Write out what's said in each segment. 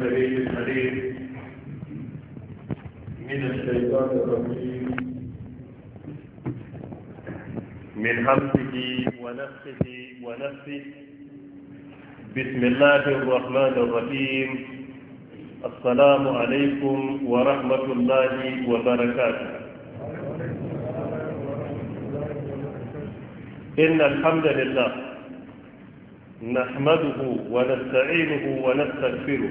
النبي الحديث من الشيطان الرجيم من همزه ونفسه ونفسه بسم الله الرحمن الرحيم السلام عليكم ورحمة الله وبركاته إن الحمد لله نحمده ونستعينه ونستغفره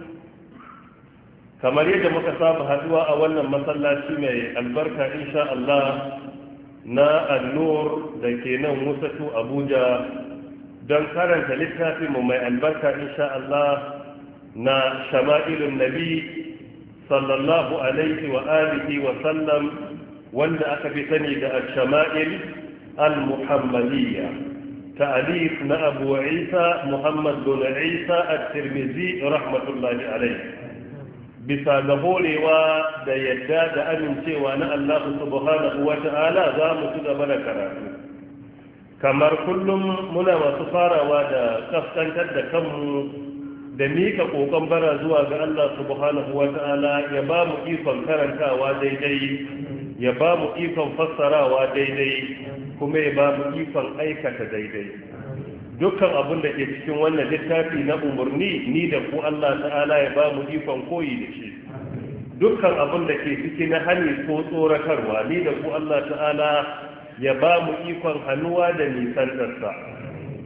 kamar yadda muka saba haduwa a wannan masallaci mai albarka insha Allah na annur da ke nan musatu abuja don karanta littafinmu mai albarka insha Allah na shama'ilun nabi sallallahu alaihi wa alihi wa sallam wanda aka fi sani da al-shama'il al-muhammadiyya ta'alif na abu isa muhammad bin isa at-tirmidhi rahmatullahi alaihi bisa ga horewa da yadda da amincewa na Allah subhanahu wa ta'ala za mu ci gaba da karatu kamar kullum muna masu farawa da kaskantar da kanmu da mika kokon bara zuwa ga Allah subhanahu wa ta'ala ya ba mu ikon karantawa daidai ya ba mu ikon fassarawa daidai kuma ya ba mu ikon aikata daidai dukkan abin da ke cikin wannan littafi na umarni ni da ku Allah ta'ala ya ba mu ikon koyi da shi dukkan abin da ke ciki na hani ko tsoratarwa ni da ku Allah ta'ala ya ba mu ikon hannuwa da nisantarsa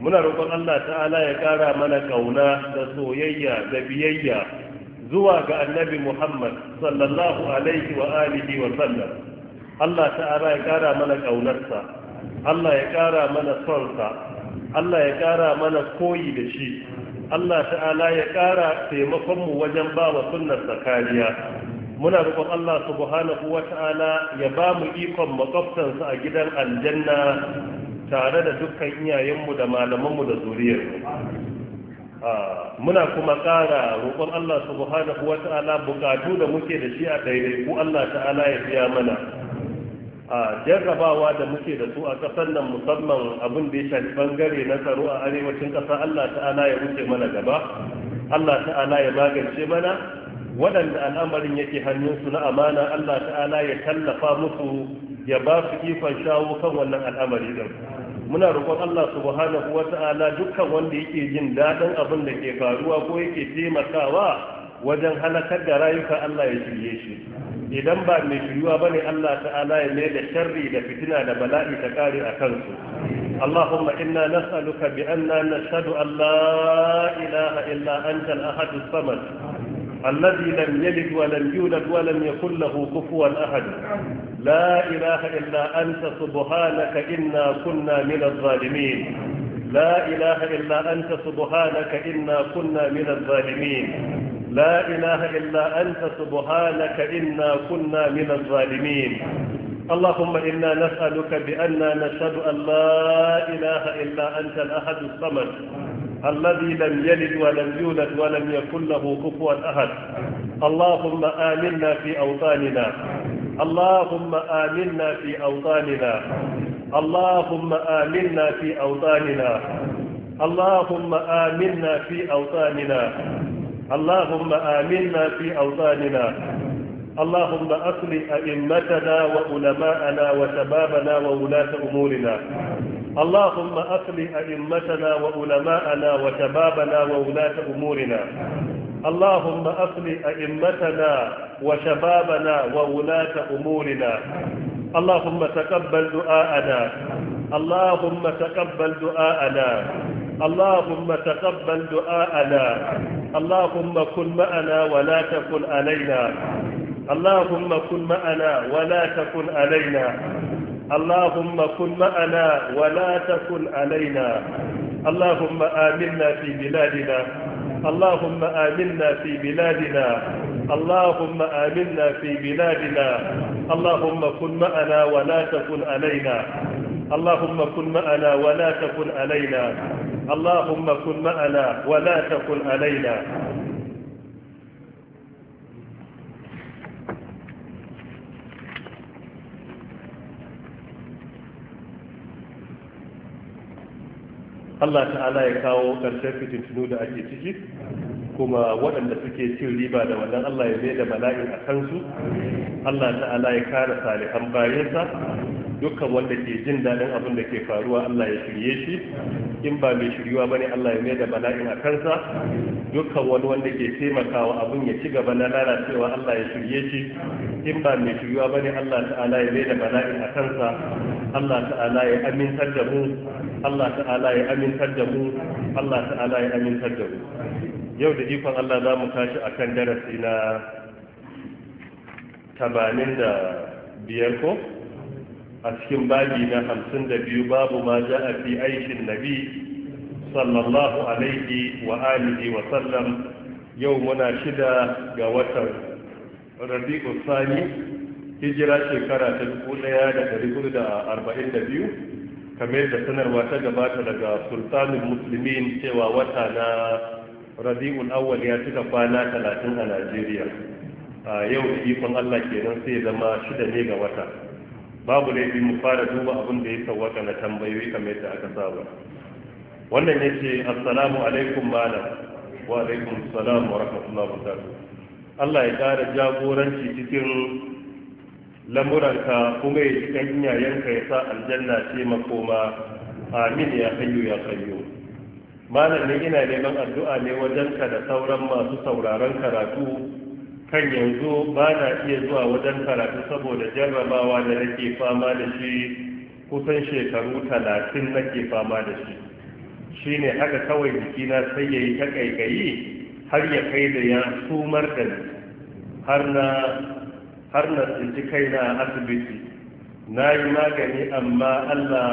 muna roƙon Allah ta'ala ya ƙara mana ƙauna da soyayya da biyayya zuwa ga annabi Muhammad sallallahu alaihi wa alihi wa sallam Allah ta'ala ya ƙara mana ƙaunarsa Allah ya ƙara mana sonsa Allah ya ƙara mana koyi da shi Allah ta'ala ya ƙara taimakonmu wajen ba wa sunnarsa kariya muna roƙon Allah subhanahu wa ta'ala ya ba mu ikon makwabtansa a gidan aljanna tare da dukkan iyayenmu da malamanmu da zuriyar. Ah, muna kuma ƙara roƙon Allah subhanahu wa ta'ala buƙatu da muke da shi a ɗaiɗaiku Allah ta'ala ya biya mana a jarrabawa da muke da su a ƙasar nan musamman abin da ya shafi bangare na tsaro a arewacin ƙasa Allah ta'ala ya wuce mana gaba Allah ta'ala ya magance mana waɗanda al'amarin yake hannunsu na amana Allah ta'ala ya tallafa musu ya ba su ikon shawo kan wannan al'amari din muna roƙon Allah subhanahu wa ta'ala dukkan wanda yake jin daɗin abin da ke faruwa ko yake taimakawa wajen halakar da rayuka Allah ya shirye shi idan ba mai shiruwa ba ne Allah ta'ala ya mai da sharri da fitina da bala'i ta kare a kansu. Allahumma inna nas'aluka bi anna nashhadu an la ilaha illa anta al-ahad as-samad alladhi lam yalid wa lam yulad wa lam ahad. La ilaha illa anta subhanaka inna kunna min adh La ilaha illa anta subhanaka inna kunna min adh لا إله إلا أنت سبحانك إنا كنا من الظالمين اللهم إنا نسألك بأننا نشهد أن لا إله إلا أنت الأحد الصمد الذي لم يلد ولم يولد ولم يكن له كفوا أحد اللهم آمنا في أوطاننا اللهم آمنا في أوطاننا اللهم آمنا في أوطاننا اللهم آمنا في أوطاننا اللهم آمنا في أوطاننا اللهم أصلح أئمتنا وعلماءنا وشبابنا وولاة أمورنا اللهم أصلح أئمتنا وعلماءنا وشبابنا وولاة أمورنا اللهم أصلح أئمتنا وشبابنا وولاة أمورنا اللهم تقبل دعاءنا اللهم تقبل دعاءنا اللهم تقبل دعاءنا اللهم كن معنا ولا تكن علينا اللهم كن معنا ولا تكن علينا اللهم كن معنا ولا تكن علينا اللهم آمنا في بلادنا اللهم آمنا في بلادنا اللهم آمنا في بلادنا اللهم كن معنا ولا تكن علينا اللهم كن معنا ولا تكن علينا اللهم كن معنا ولا تكن علينا Allah ta'ala ya kawo ƙarshen tunu da ake ciki kuma waɗanda suke cin riba da wannan Allah ya da bala'in a kansu Allah ta'ala ya kare salihan bayansa dukkan wanda ke jin daɗin abin da ke faruwa Allah ya shirye shi in ba mai shiryuwa ba ne Allah ya mai da bala'in a kansa dukkan wani wanda ke taimakawa abin ya ci gaba na lalacewa Allah ya shirye shi in ba mai shiryuwa ba ne Allah ta'ala ya mai da bala'in a kansa Allah ta'ala ya amintar da mu Allah ta'ala ya amintar da mu Allah ta'ala ya amintar da mu yau da ikon Allah za mu tashi kan darasi na 85 ko a cikin babi na hamsin da biyu babu ma ja a fi aikin nabi sallallahu alaihi wa alihi wa sallam yau muna shida ga watan rabi'u sani hijira shekara ta dubu daya da dari hudu da arba'in da biyu kamar da sanarwa ta gabata daga sultanin musulmin cewa wata na rabi'ul awwal ya cika kwana talatin a najeriya a yau da ikon allah kenan sai zama shida ne ga wata babu laifi mu fara duba abin da ya tawata na tambayoyi kamar yadda aka saba wannan ya ce assalamu alaikum malam wa alaikum salam wa rahmatullahi wa ta'ala Allah ya ƙara jagoranci cikin lamuranka kuma ya ji iyayenka ya sa aljanna ce makoma amin ya hayyu ya qayyu malam ne ina neman addu'a ne wajenka da sauran masu sauraron karatu kan yanzu ba na iya zuwa wajen karatu saboda jarrabawa da nake fama da shi kusan shekaru talatin nake fama da shi shi ne haka kawai jikina sai ya yi ta ƙaiƙayi har ya kai da ya sumar da ni har na tsinci kaina a asibiti na yi magani amma allah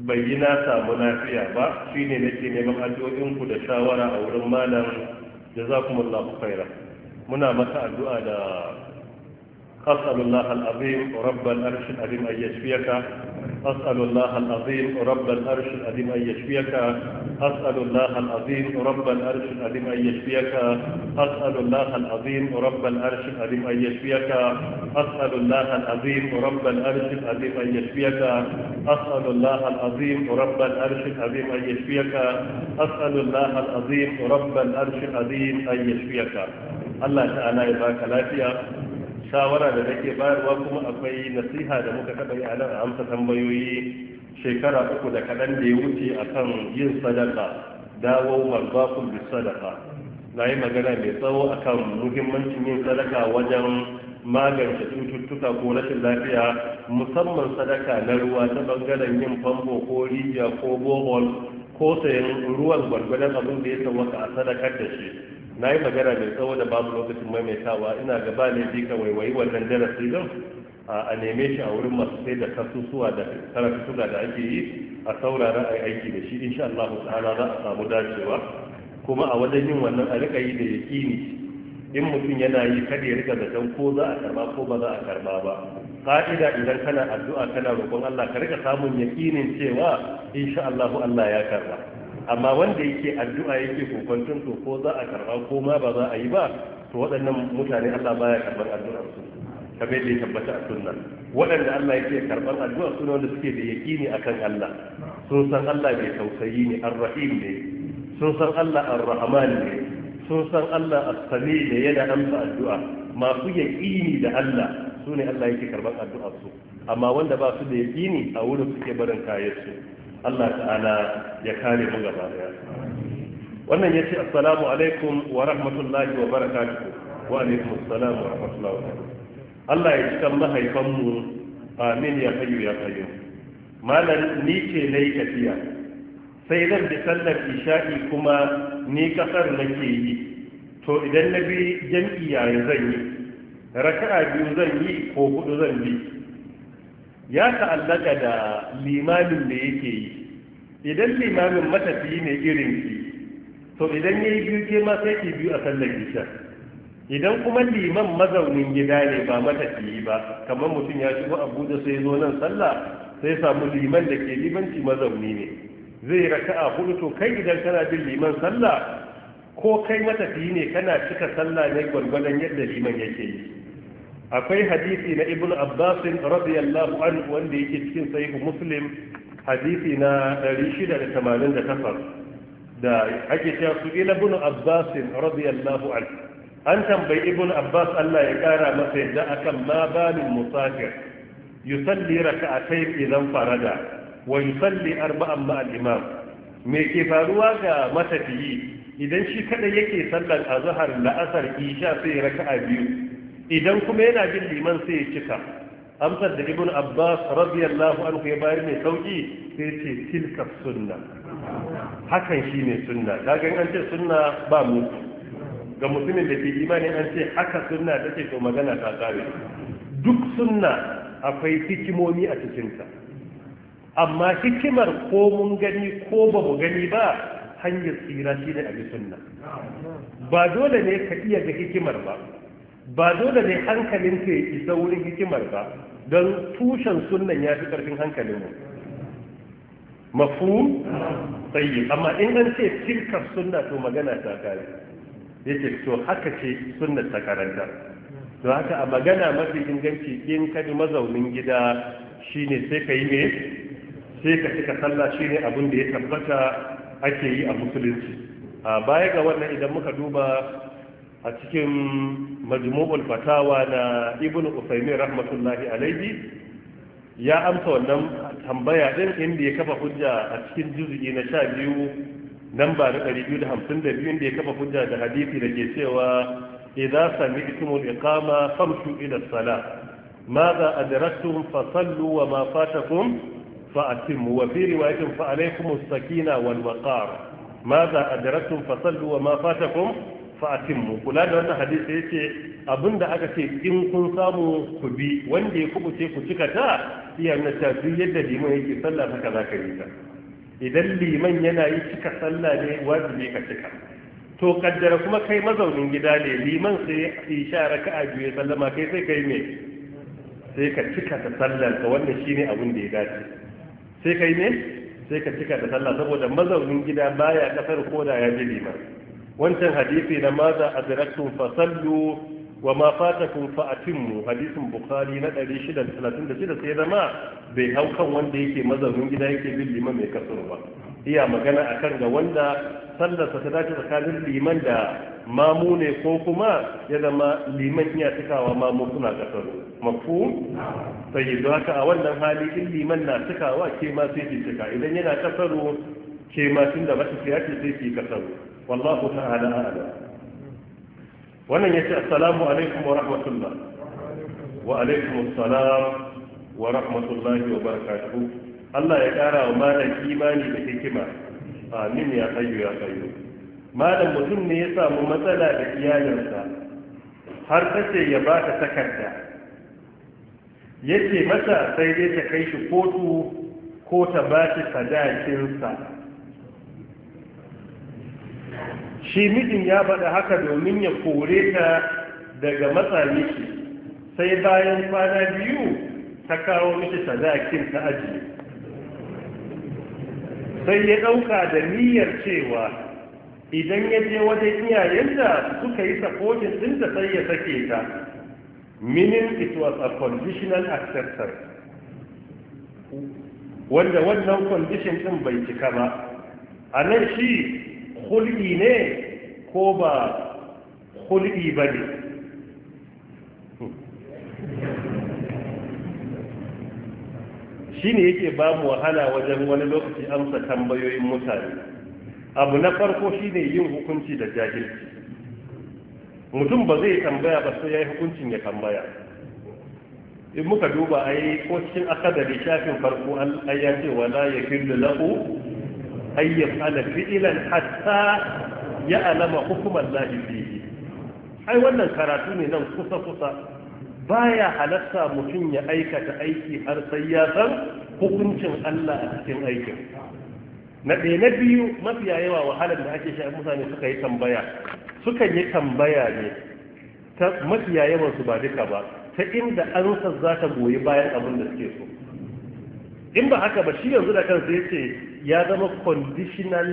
bai yi na samu lafiya ba shi ne nake neman addu'o'inku da shawara a wurin malam jazakumullahu khairan muna maka addu'a da أسأل الله العظيم رب الأرش العظيم أن يشفيك أسأل الله العظيم رب الأرش العظيم أن يشفيك أسأل الله العظيم رب الأرش العظيم أن يشفيك أسأل الله العظيم رب الأرش العظيم أن يشفيك أسأل الله العظيم رب الأرش العظيم أن يشفيك أسأل الله العظيم رب الأرش العظيم أن يشفيك أسأل الله العظيم رب الأرش العظيم أن يشفيك Allah ta'ala ya baka lafiya shawara da nake bayarwa kuma akwai nasiha da muka taɓa yi a nan a amsa tambayoyi shekara uku da kaɗan da ya wuce akan yin sadaka dawo marbakun bi sadaka na yi magana mai tsawo akan muhimmancin yin sadaka wajen magance cututtuka ko rashin lafiya musamman sadaka na ruwa ta bangaren yin famfo ko rijiya ko bohol ko sayan ruwan gwargwadon abin da ya sauwaka a sadakar da shi na yi magana mai tsawo da babu lokacin maimaitawa ina gaba laifi ka waiwayi wannan darasi din a neme shi a wurin masu sai da kasusuwa da karatuka da ake yi a saurara a aiki da shi insha Allah ta'ala za a samu dacewa kuma a wajen yin wannan a rika yi da yaƙini in mutum yana yi kada ya rika zaton ko za a karba ko ba za a karba ba ka'ida idan kana addu'a kana roƙon Allah ka rika samun yaƙinin cewa insha Allah Allah ya karɓa. amma wanda yake addu'a yake kokwanton to ko za a karba ko ma ba za a yi ba to waɗannan mutane Allah baya karban addu'a su kamar da ya tabbata a sunna waɗanda Allah yake karban addu'a su wanda suke da yaqini akan Allah sun san Allah mai tausayi ne arrahim ne sun san Allah arrahman ne sun san Allah as-sami ne yana amsa addu'a masu yaqini da Allah su ne Allah yake karban addu'a su amma wanda ba su da yaqini a wurin suke barin kayan su Allah ta'ala ya kare mu gaba daya wannan ya ce, assalamu alaikum wa rahmatullahi wa barakatuh wa alaikum assalam wa rahmatullahi wa Allah ya cikan mahaifanmu amin ya hayyu ya hayyu malam ni ce nayi tafiya sai zan bi sallar isha'i kuma ni kasar nake yi to idan na bi jam'i yayin zan yi raka'a biyu zan yi ko hudu zan bi ya ta'allaka da limamin da yake yi idan limamin matafiyi ne irin ki to idan ya yi biyu ma sai ke biyu a sallar isha idan kuma liman mazaunin gida ne ba matafiyi ba kamar mutum ya shigo abuja sai zo nan sallah sai samu liman da ke limanci mazauni ne zai raka'a hudu to kai idan kana bin liman sallah ko kai matafiyi ne kana cika sallah ne gwargwadon yadda liman yake yi akwai hadisi na ibnu abbas radiyallahu anhu wanda yake cikin sahih muslim hadisi na 688 da ake cewa su ila ibnu abbas radiyallahu anhu an tambayi ibnu abbas Allah ya kara masa yadda akan ma balin musafir yusalli raka'atayn idan farada wa yusalli arba'an ma al-imam me ke faruwa ga matafiyi idan shi kaɗai yake sallar azhar la'asar isha sai raka'a biyu idan kuma yana bin liman sai ya cika amsar da ibn abbas radiyallahu anhu ya bayar mai sauki sai ce tilka sunna hakan shi ne sunna kaga an ce sunna ba mu ga mutumin da ke imani an ce haka sunna ce to magana ta kare duk sunna akwai hikimomi a cikinta amma hikimar ko mun gani ko ba mu gani ba hanyar tsira shi ne a bi sunna ba dole ne ka iya ga hikimar ba ba dole ne hankalin ke isa wurin hikimar ba don tushen sunan ya fi karfin hankalin mu mafhum amma in an ce tilkar sunna to magana ta kare Ya ce to haka ce sunna ta karanta don haka a magana mafi inganci in ka mazaunin gida shine sai ka yi ne sai ka cika sallah shine abin da ya tabbata ake yi a musulunci a baya ga wannan idan muka duba a cikin majmu'ul fatawa na ibn usaimin rahmatullahi alaihi ya amsa wannan tambaya din inda ya kafa hujja a cikin juzu'i na sha biyu nan ba na ɗari biyu da hamsin da biyu inda ya kafa hujja da hadisi da ke cewa idza sami'tumul iqama famshu ila salah madha adraktum fasallu wa ma fatakum fa'atimu wa fi riwayatin fa alaykumus sakina wal waqar madha adraktum fasallu wa ma fatakum fa'atin mu kula da wannan hadisi yace abinda aka ce in kun samu ku bi wanda ya kubuce ku cika ta iya na tafi yadda liman yake sallah kaza ka yi ta idan liman yana yi cika sallah ne wajibi ka cika to kaddara kuma kai mazaunin gida ne liman sai sha raka a juye sallama kai sai kai me sai ka cika ta sallar ka wannan shine abin da ya dace sai kai ne sai ka cika ta sallah saboda mazaunin gida baya kasar koda ya ji liman wancan hadisi na maza adraktum fasallu wa ma fatakum fa atimmu hadisin bukhari na 636 sai zama bai hau kan wanda yake mazaunin gida yake bin liman mai kasuru ba iya magana akan ga wanda sallarsa ta dace tsakanin liman da mamu ne ko kuma ya zama liman iya cikawa mamu suna kasaru mafu sai da haka a wannan hali in liman na cikawa ke ma sai ki cika idan yana kasuru ke ma tunda da mata sai ki sai kasaru wallahu ta'ala a'lam wannan yace assalamu alaikum wa rahmatullah wa alaikum assalam wa rahmatullahi wa barakatuh Allah ya kara wa malam imani da hikima amin ya hayyu ya hayyu malam mutum ne ya samu matsala da iyalinsa har tace ya ba ta takarda yace mata sai dai ta kai shi kotu ko ta ba shi sadakinsa shi mijin ya faɗa haka domin ya kore ta daga matsa miki sai bayan kwana biyu ta kawo miki sadakin ta ajiye sai ya ɗauka da niyyar cewa idan ya je wajen iyayenta suka yi sakokin ɗinta sai ya sake ta minin it was a conditional acceptance wanda wannan condition ɗin bai cika ba a nan shi hulɗi ne ko ba hulɗi ba ne shi ne yake ba mu wahala wajen wani lokaci amsa tambayoyin mutane abu na farko shi ne yin hukunci da jahilci mutum ba zai tambaya ba sai ya yi hukuncin ya tambaya in muka duba a ko cikin akadari shafin farko an ayyace wala ya fi lahu ay ala fi’ilan hatta ya alama lahi fihi ai wannan karatu ne nan kusa kusa baya halatta mutum ya aikata aiki har sai ya san hukuncin Allah a cikin aikin na ɗaya na biyu mafiya yawa wahalar da ake sha mutane suka yi tambaya sukan yi tambaya ne ta mafiya yawan su ba duka ba ta inda ansar za ta goyi bayan abin da suke so in ba haka ba shi yanzu da kansa ya ce ya zama conditional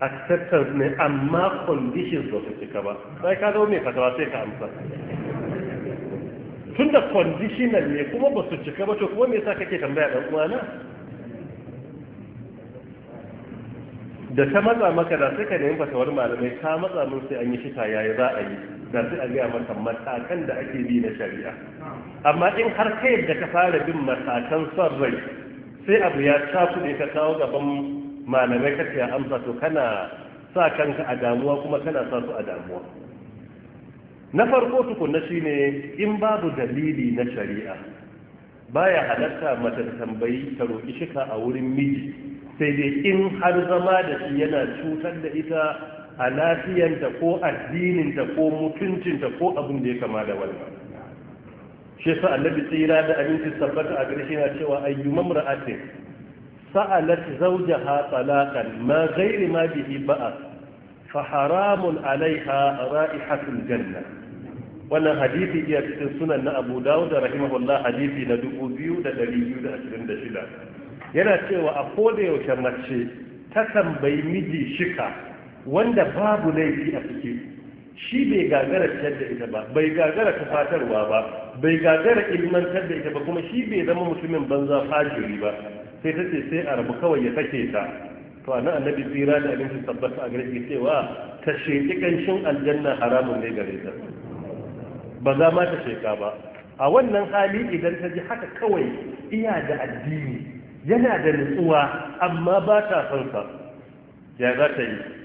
acceptance ne amma conditions ba su cika ba sai ka zama mai fatawa sai ka amsa tun da conditional ne kuma ba su cika ba to kuma me yasa kake tambaya dan uwana da ta matsa maka da suka nemi fatawar malamai ta matsa mun sai an yi shita yayi za a yi da sai a gaya maka matakan da ake bi na shari'a amma in har kai da ka fara bin matakan son rai sai abu ya da ka kawo gaban malamai ka ya amsa to kana sa kanka a damuwa kuma kana sa su a damuwa na farko tukunna shine in babu dalili na shari'a baya halatta mata da tambayi ta roƙi shika a wurin miji sai dai in har zama da shi yana cutar da ita a lafiyanta ko addininta ko mutuncinta ko abin da ya kama da wannan shi sa annabi tsira da aminci sabbata a gare shi cewa ayyuma mar'atin sa'alat zawjaha talaqan ma ghairi ma bihi ba'a fa haramun alaiha ra'ihatul janna wannan hadisi iya cikin sunan na Abu Dawud rahimahullah hadisi na 2226 yana cewa a koda yaushe mace ta tambayi miji shika wanda babu laifi a cikin shi bai gagara fitar da ita ba bai gagara kafatarwa ba bai gagara ilmantar da ita ba kuma shi bai zama mutumin banza fajiri ba sai ta ce sai a rabu kawai ya sake ta to ana annabi tsira da abinci tabbata a gare cewa ta sheki kanshin aljanna haramun ne gare ta ba za ma ta sheka ba a wannan hali idan ta ji haka kawai iya da addini yana da nutsuwa amma ba ta son sa ya za ta yi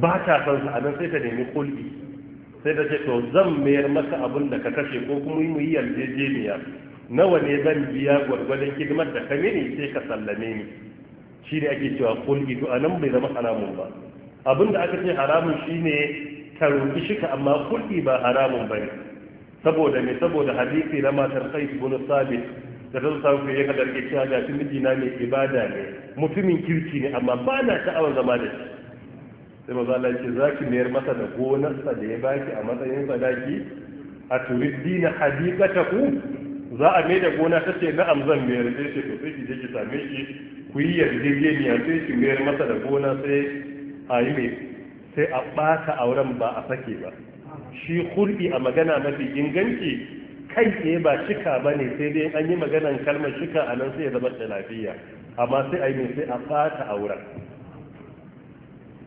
ba ta san sa anan sai ta nemi kulbi sai ta ce to zan mayar masa abin da ka kashe ko kuma mu yi yarjejeniya nawa ne zan biya gwargwadon hidimar da ka mini sai ka sallame ni shi ne ake cewa kulbi to anan bai zama haramun ba abin da aka ce haramun shi ka shi shika amma kulbi ba haramun ba ne. saboda me saboda hadisi na matar su bunu Sabit da ta samu ya kadar ke cewa ga miji na mai ibada ne mutumin kirki ne amma ba na sha'awar zama da shi sai maza Allah ce za ki mayar masa da gonarsa da ya baki a matsayin sadaki a turiddi na ta ku za a mai da gona ta ce na'am zan mayar sai ce to sai ki je ki same shi ku yi yarjejeniya sai ki mayar masa da gona sai a yi mai sai a ɓata auren ba a sake ba shi hulɗi a magana mafi inganci kai tsaye ba shika ba ne sai dai an yi maganan kalmar shika a nan sai ya zama da lafiya amma sai a yi mai sai a ɓata auren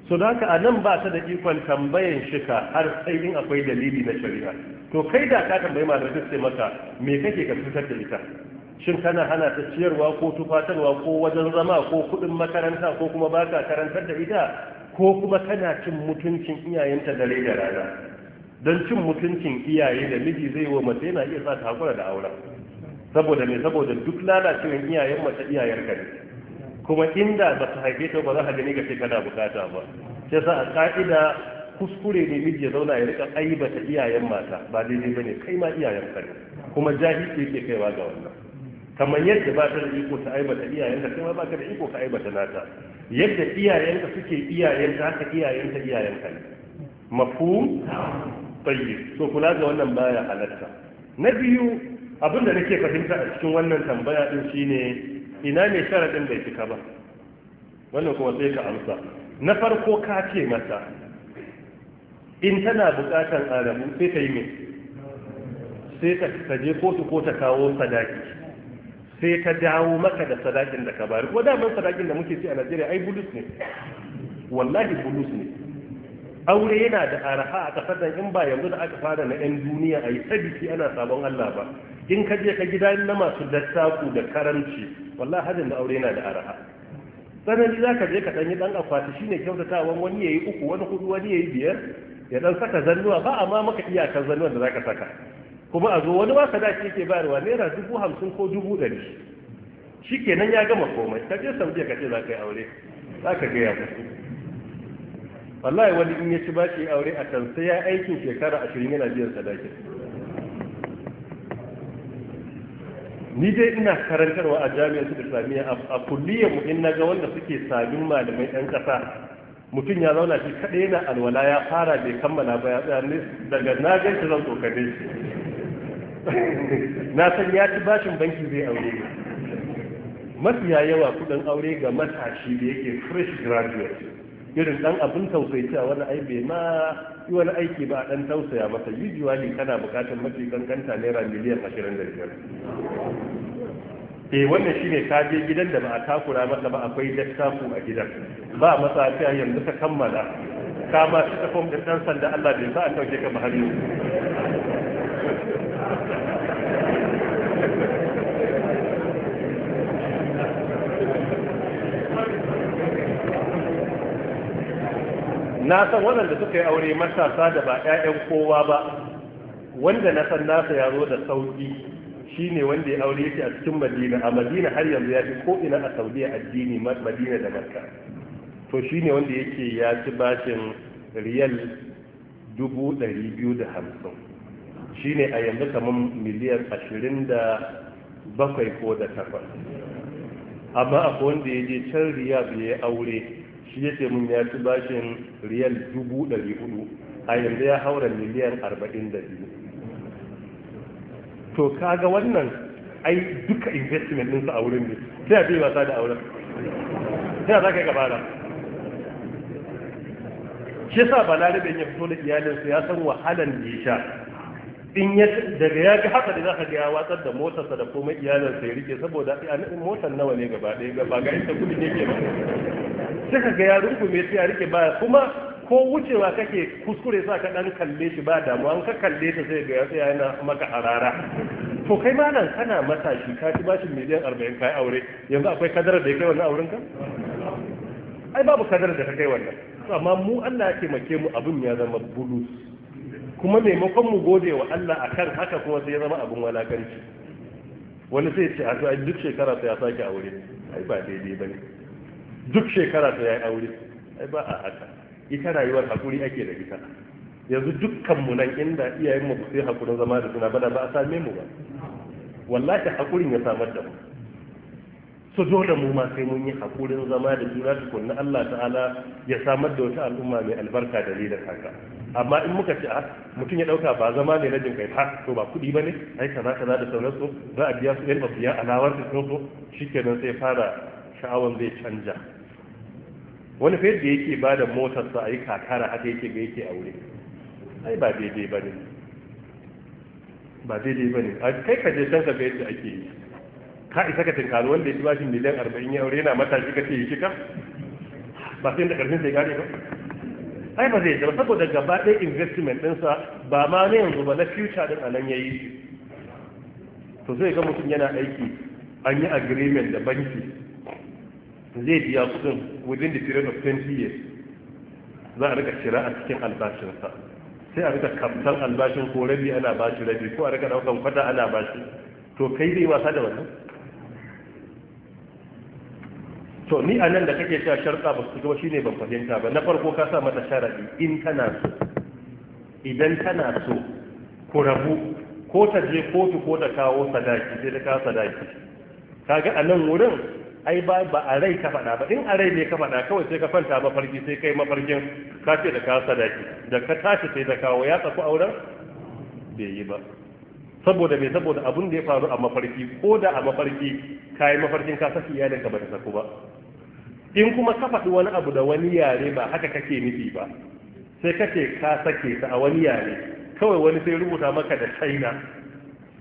so da haka a nan ba ta da ikon tambayan shika har sai in akwai dalili na shari'a to kai da ka tambayi malamai sai mata me kake ka fitar da ita shin kana hana ta ciyarwa ko tufatarwa ko wajen zama ko kuɗin makaranta ko kuma ba ka karantar da ita ko kuma kana cin mutuncin iyayenta dare da rana don cin mutuncin iyaye da miji zai wa mace yana iya sa ta hakura da auren saboda me saboda duk lalacewar iyayen mace iyayen ka ne kuma inda ba ta haife ta ba za ka gani ga kana bukata ba sai sa a ka'ida kuskure ne miji ya zauna ya rika aibata iyayen mata ba daidai bane kai ma iyayen ka ne kuma jahilci yake kaiwa ga wannan kamar yadda ba ta da iko ta aibata iyayen ka kuma ba ka da iko ka aibata nata yadda iyayen ka suke iyayen ta haka iyayen ta iyayen ka ne mafhum tayyib so kula ga wannan baya halatta na biyu abin da nake fahimta a cikin wannan tambaya din shine ina ne sharaɗin bai cika ba wannan kuma sai ka amsa na farko ka ce mata in tana buƙatar arabu sai ta yi mai sai ta je kotu ko ta kawo sadaki sai ta dawo maka da sadakin da ka bari ko daman sadakin da muke ci a najeriya ai bulus ne wallahi bulus ne aure yana da araha a kasar in ba yanzu da aka fara na 'yan duniya a yi sabiki ana sabon Allah ba in ka je ka gida na masu dattaku da karamci wallahi hajjin da aure yana da araha sanan za ka je ka yi dan akwati shine kyautatawan wani yayi uku wani hudu wani yayi biyar ya dan saka zannuwa ba amma maka iyakar zannuwan da zaka saka kuma a zo wani ba sadaki yake bayarwa naira dubu hamsin ko dubu ɗari Shikenan ya gama komai ka je saudiya ka ce za ka yi aure za ka gaya musu wallahi wani in ya ci bashi aure a kan sai ya aikin shekara ashirin yana biyan sadakin ni dai ina karantarwa a jami'ar islamiyya a kulliyar mu in na ga wanda suke sabin malamai yan ƙasa. mutum ya zauna shi kaɗai na alwala ya fara bai kammala ba ya tsaya daga na shi zan tsokane shi na san ya ci bashin banki zai aure mafiya yawa kuɗin aure ga matashi da yake fresh graduate irin dan abin tausayi cewa wani ai bai ma yi wani aiki ba a dan tausaya masa ne kana bukatar mafi ganganta naira miliyan da 25 eh wannan shine ka je gidan da ba a takura masa ba akwai dattaku a gidan ba matsafiya yanzu ka kammala ka ma shi fom da dan sanda Allah bai sa a tauke ka ba har na san waɗanda suka yi aure matasa da ba 'ya'yan kowa ba wanda na san nasa ya zo da sauƙi shine wanda ya aure shi a cikin madina a madina har yanzu ya fi ko'ina a saudiya addini madina da makka to shine wanda yake ya ci bashin riyal dubu ɗari biyu shine a yanzu kamar miliyan ashirin da bakwai ko da takwas amma akwai wanda ya je can riyal ya aure shi ya ce mun ya ci bashin riyal dubu ɗari hudu a yanzu ya haura miliyan arba'in da biyu to kaga wannan ai duka investment ɗinsa a wurin ne sai a bai wasa da auren sai a zaka ka gabara shi sa balarabe ya fito da iyalinsa ya san wahalan da ya sha in ya daga ya ga haka da za ka ga ya watsar da motarsa da komai iyalinsa ya rike saboda motar nawa ne gaba ɗaya ba ga inda ne ke ba sai ka ga ya rungume sai ya rike ba kuma ko wucewa kake kuskure sa ka dan kalle shi ba damuwa an ka kalle ta sai ga ya yana maka harara to kai ma nan kana matashi ka ci bashin miliyan 40 kai aure yanzu akwai kadarar da ya kai wannan auren ka ai babu kadarar da kai wannan to amma mu Allah yake make mu abin ya zama bulus kuma maimakon mu gode wa Allah akan haka kuma sai ya zama abin walakanci wani sai ce a duk shekara sai ya sake aure ai ba daidai bane duk shekara ta yayi aure ai ba a haka ita rayuwar hakuri ake da ita yanzu dukkan mu nan inda iyayen mu sai hakurin zama da suna bana ba a same mu ba wallahi hakurin ya samar da mu so dole mu ma sai mun yi hakurin zama da juna kunna, Allah ta'ala ya samar da wata al'umma mai albarka dalilan haka amma in muka ci ah, mutum ya dauka ba zama ne na jin kai ha to ba kudi bane ai kaza kaza da su za a biya su yan ba biya alawar da sauransu shikenan sai fara sha'awan zai canja wani fayar da yake ba da motarsa a yi kakara haka yake ga yake aure ai ba daidai ba ne ba daidai ba ne kai ka je can ka ga yadda ake yi ka isa ka tinkali wanda ya ci bashi miliyan arba'in ya aure yana matashi ka ce yi shika ba sai da karfin sai gane ba ai ba zai zama saboda gaba ɗaya investment ɗinsa ba ma na yanzu ba na future ɗin a nan ya yi to zai ga mutum yana aiki an yi agreement da banki zai biya kudin within the period of 20 years za a rika shira a cikin albashinsa sai a rika kamtar albashin ko rabi ana bashi rabi ko a rika daukan kwata ana bashi to kai zai wasa da wannan to ni a nan da kake sha sharɗa ba su gaba shi ne ban fahimta ba na farko ka sa mata sharaɗi in tana so idan tana so ku rabu ko ta je kotu ko ta kawo sadaki sai ta kawo sadaki kaga a nan wurin ai ba ba a rai ka faɗa ba in a rai ne ka faɗa kawai sai ka kwanta mafarki sai kai mafarkin ka ce da ka sadaki da ka tashi sai da kawo ya tsaku auren bai yi ba saboda mai saboda abin da ya faru a mafarki ko da a mafarki ka yi mafarkin ka saki iyalin ka ba ta saku ba in kuma ka faɗi wani abu da wani yare ba haka kake nufi ba sai kake ka sake ta a wani yare kawai wani sai rubuta maka da china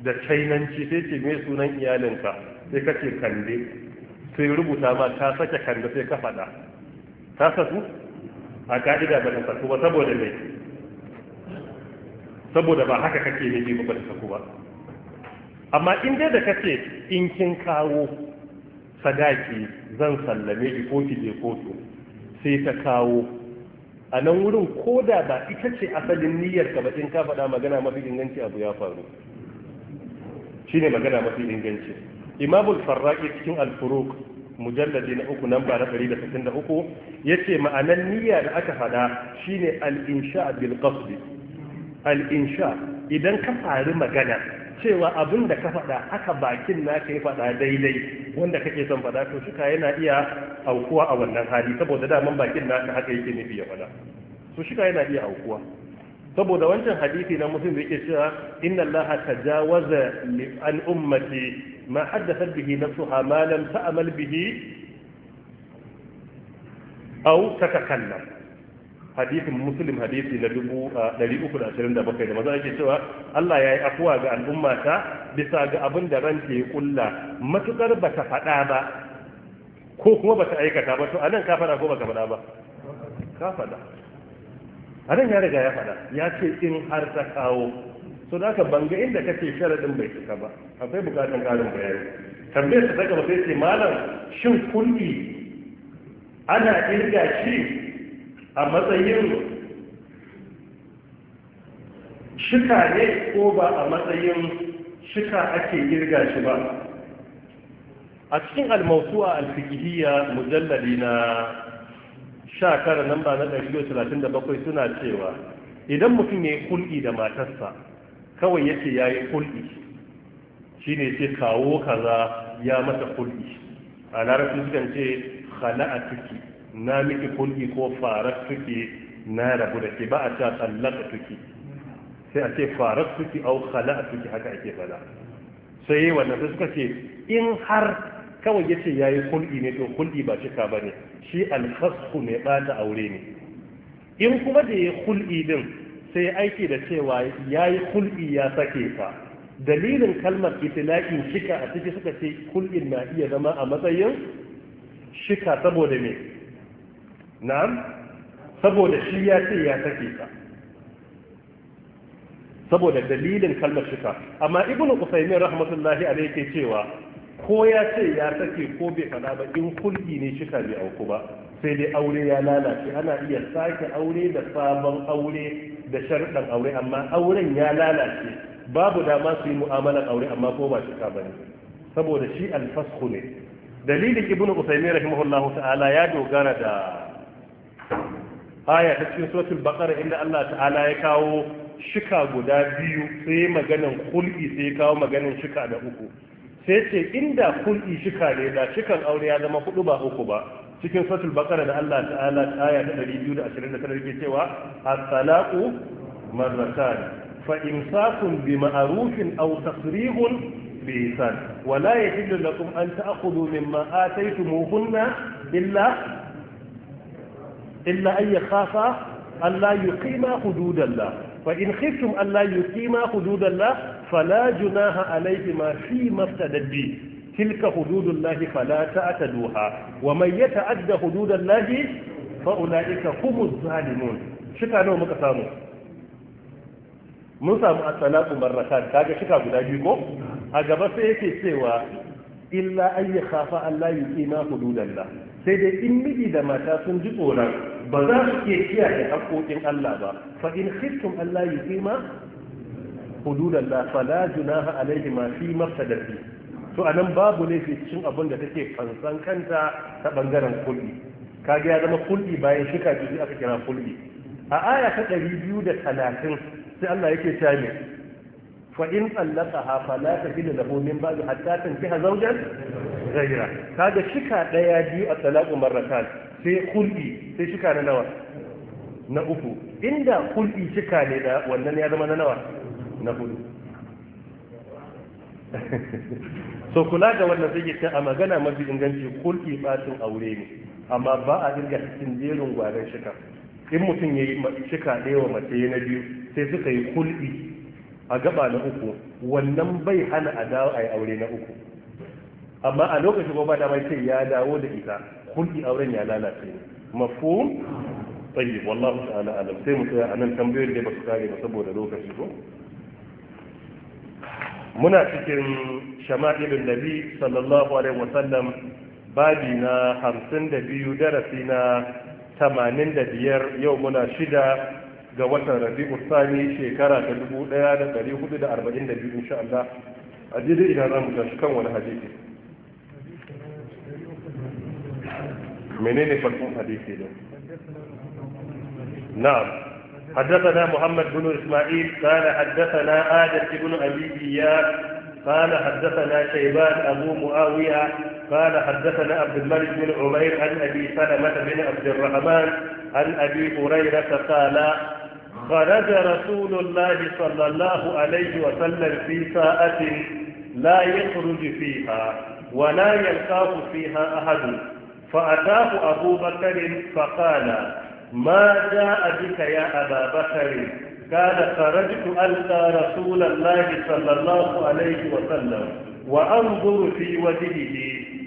da chainanci sai ce mai sunan iyalinka sai kace kande sai rubuta ma ta sake kanga sai ka faɗa ta sasu a ka'ida ba ta saku ba saboda mai saboda ba haka kake ne ba ba ta saku ba amma in dai da kace in kin kawo sadaki zan sallame ki ko ki je kotu sai ta kawo a nan wurin ko da ba ita ce asalin niyyar ka ba in ka faɗa magana mafi inganci abu ya faru shine magana mafi inganci imamul farraki cikin alfuruk mujalladi na uku namba na 163 ce ma'anan niyya da aka fada shine al-insha bil al-insha idan ka fari magana cewa abin da ka faɗa aka bakin naka yi faɗa daidai wanda kake son fada to shi yana iya aukuwa a wannan hali saboda daman bakin naka haka yake nufi ya faɗa. to shi yana iya aukuwa saboda wancan hadisi na muslim da yake cewa inna allaha tajawaza an ummati ما حدثت به نفسها ما لم تأمل به أو تتكلم حديث مسلم حديث لدبو نريئو كنا أشرين دابا كيدا ماذا أجي سوى الله يأي أقوى عن أمتا بساق أبن درانتي يقول لا ما تقرب تفتابا ko kuma bata aikata ba to anan ka fada ko baka fada ba ka fada anan ya riga ya fada so da aka banga inda kake sharadin bai cika ba akwai bukatan karin bayani tambayar ta gaba sai ce malam shin kulli ana kirga shi a matsayin shika ne ko ba a matsayin shika ake kirga shi ba a cikin almautuwa alfikihiyya mujallari na sha kara namba na 137 suna cewa idan mutum ya yi kulki da matarsa kawai ya yace yayi shi shine ce kawo kaza ya mata kulɗi a larabci sukan ce tuki na miki kulɗi ko fara tuki na rabu da ke ba a ce tuki sai a ce fara tuki au tuki haka ake bala sai wannan sai suka ce in har kawai ya ce ya yi kulɗi ne to kulɗi ba cika ba ne shi alfasku mai ɓata aure ne in kuma da ya kulɗi din sai aiki da cewa ya yi kul'i ya sake ka dalilin kalmar itilaƙin shika a ciki suka ce kul'in na iya zama a matsayin shika saboda me na'am saboda shi ya ce ya sake ka saboda dalilin kalmar shika amma ibnu usaimin rahmatullahi alaihi ke cewa ko ya ce ya sake ko bai fada ba in kul'i ne shika bai auku ba sai dai aure ya lalace ana iya sake aure da sabon aure da sharuɗan aure amma auren ya lalace babu dama su yi mu'amalar aure amma ko ba shika bane saboda shi alfasku ne dalilin ibnu usaymin rahimahullah ta'ala ya dogara da aya ta cikin suratul baqara inda Allah ta'ala ya kawo shika guda biyu sai maganan kulki sai ya kawo maganan shika da uku sai ce inda kulki shika ne da shikan aure ya zama hudu ba uku ba cikin suratul bakara da Allah ta'ala aya ta 229 yake cewa at salaku marratan fa imsakun bi ma'rufin aw tasrihun bi ihsan wa la yahillu lakum an ta'khudhu mimma ataytumuhunna illa illa an yakhafa an la yuqima hududallah فإن خفتم أن لا يقيما حدود الله فلا جناح عليهما فيما افتدت به tilka hududullahi fala duha wa man yata'adda hududallahi fa ulaika kuma zalimun shika nawa muka samu mun samu at-talaqu marratan kaga shika guda biyu ko a gaba sai yake cewa illa an yakhafa an la yuqima la. sai dai in miji da mata sun ji tsoron ba za su iya kiyaye haƙoƙin Allah ba fa in khiftum an la yuqima hududallah fala junaha alaihi ma fi mafsadati to a nan babu fi cin abin da take fansan kanta ta bangaren kulli kaga ya zama Kulɗi bayan shika biyu aka kira kulli a aya ta talatin, sai Allah yake cewa me fa in tsallaka tsallaqaha fala tahilu lahu min ba'd hatta tankiha zawjan ghayra kaga shika ɗaya biyu a talaqu marratan sai kulli sai shika na nawa na uku inda Kulɗi shika ne da wannan ya zama na nawa na hudu so kula da wannan zai ta a magana mafi inganci kulki batin aure ne amma ba a dinga cikin jerin gwaran shika in mutum ya yi shika ɗaya wa mace na biyu sai suka yi kulki a gaba na uku wannan bai hana a dawo a yi aure na uku amma a lokacin ko ba da mai ya dawo da ita kulki auren ya lalace ne mafhum tayyib wallahu ta'ala alam sai mu ya anan tambayoyin da ba su kare ba saboda lokaci ko muna cikin shama'ilin nabi sallallahu alaihi wasallam babi na hamsin da biyu darasi na tamanin da biyar yau muna shida ga watan rabi'u sani shekara ta dubu ɗaya da dari hudu da arba'in da biyu insha Allah a jirgin idan za mu tashi kan wani hadisi menene farkon hadisi ne na'am حدثنا محمد بن إسماعيل قال حدثنا آدم بن أبي إياس قال حدثنا شيبان أبو معاوية قال حدثنا عبد الملك بن عمير عن أبي سلمة بن عبد الرحمن عن أبي هريرة قال خرج رسول الله صلى الله عليه وسلم في ساعة لا يخرج فيها ولا يلقاه فيها أحد فأتاه أبو بكر فقال ما جاء بك يا أبا بكر قال خرجت ألقى رسول الله صلى الله عليه وسلم وأنظر في وجهه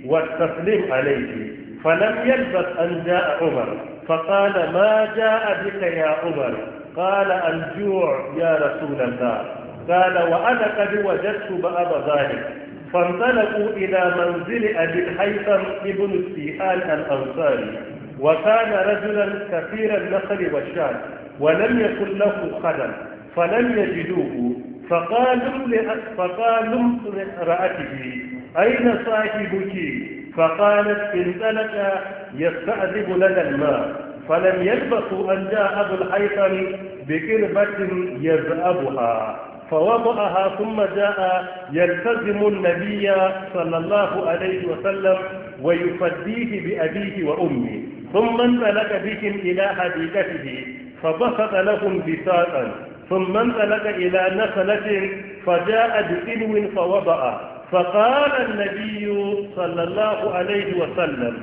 والتسليم عليه فلم يلبث أن جاء عمر فقال ما جاء بك يا عمر قال الجوع يا رسول الله قال وأنا قد وجدت بأبا ذلك فانطلقوا إلى منزل أبي الحيثم ابن السيحان الأنصاري وكان رجلا كثير النخل والشال ولم يكن له خدم فلم يجدوه فقالوا فقالوا لامرأته أين صاحبك فقالت انطلق يستعذب لنا الماء فلم يلبثوا أن جاء أبو الحيثم بكربة يذأبها فوضعها ثم جاء يلتزم النبي صلى الله عليه وسلم ويفديه بأبيه وأمه ثم انطلق بهم إلى حديقته فبسط لهم بساطا ثم انطلق إلى نخلة فجاء بسلو فوضع فقال النبي صلى الله عليه وسلم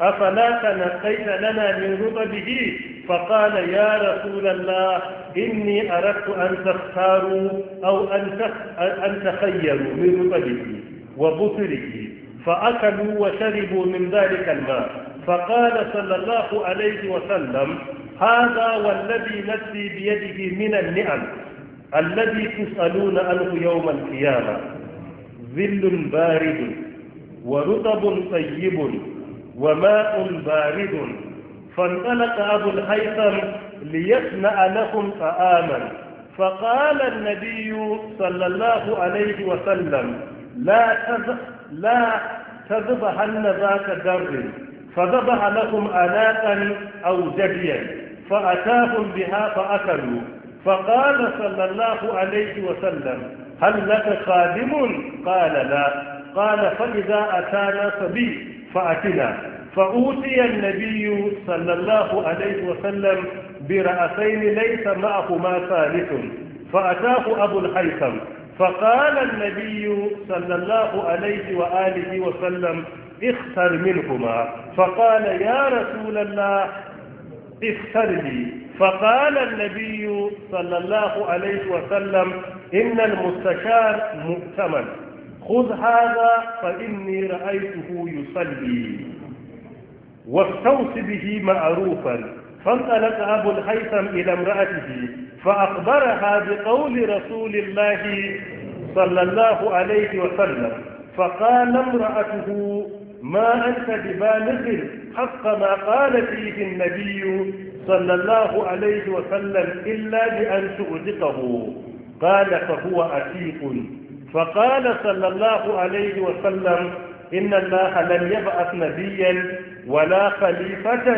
أفلا تنقيت لنا من رطبه فقال يا رسول الله إني أردت أن تختاروا أو أن تخيروا من رطبه وبصره فأكلوا وشربوا من ذلك الماء فقال صلى الله عليه وسلم هذا والذي نفسي بيده من النعم الذي تسألون عنه يوم القيامة ظل بارد ورطب طيب وماء بارد فانطلق أبو الهيثم ليصنع لهم طعاما فقال النبي صلى الله عليه وسلم لا تذبحن ذاك در فذبح لهم آلاء أو جديا فأتاهم بها فأكلوا فقال صلى الله عليه وسلم هل لك خادم قال لا قال فإذا أتانا صبي فأتنا فأوتي النبي صلى الله عليه وسلم برأسين ليس معهما ثالث فأتاه أبو الهيثم فقال النبي صلى الله عليه وآله وسلم اختر منهما فقال يا رسول الله اختر لي فقال النبي صلى الله عليه وسلم إن المستشار مؤتمن خذ هذا فإني رأيته يصلي واستوص به معروفا فانطلق أبو الهيثم إلى امرأته فأخبرها بقول رسول الله صلى الله عليه وسلم فقال امرأته ما أنت ببالغ حق ما قال فيه النبي صلى الله عليه وسلم إلا بأن تؤذقه قال فهو أتيق فقال صلى الله عليه وسلم إن الله لم يبعث نبيا ولا خليفة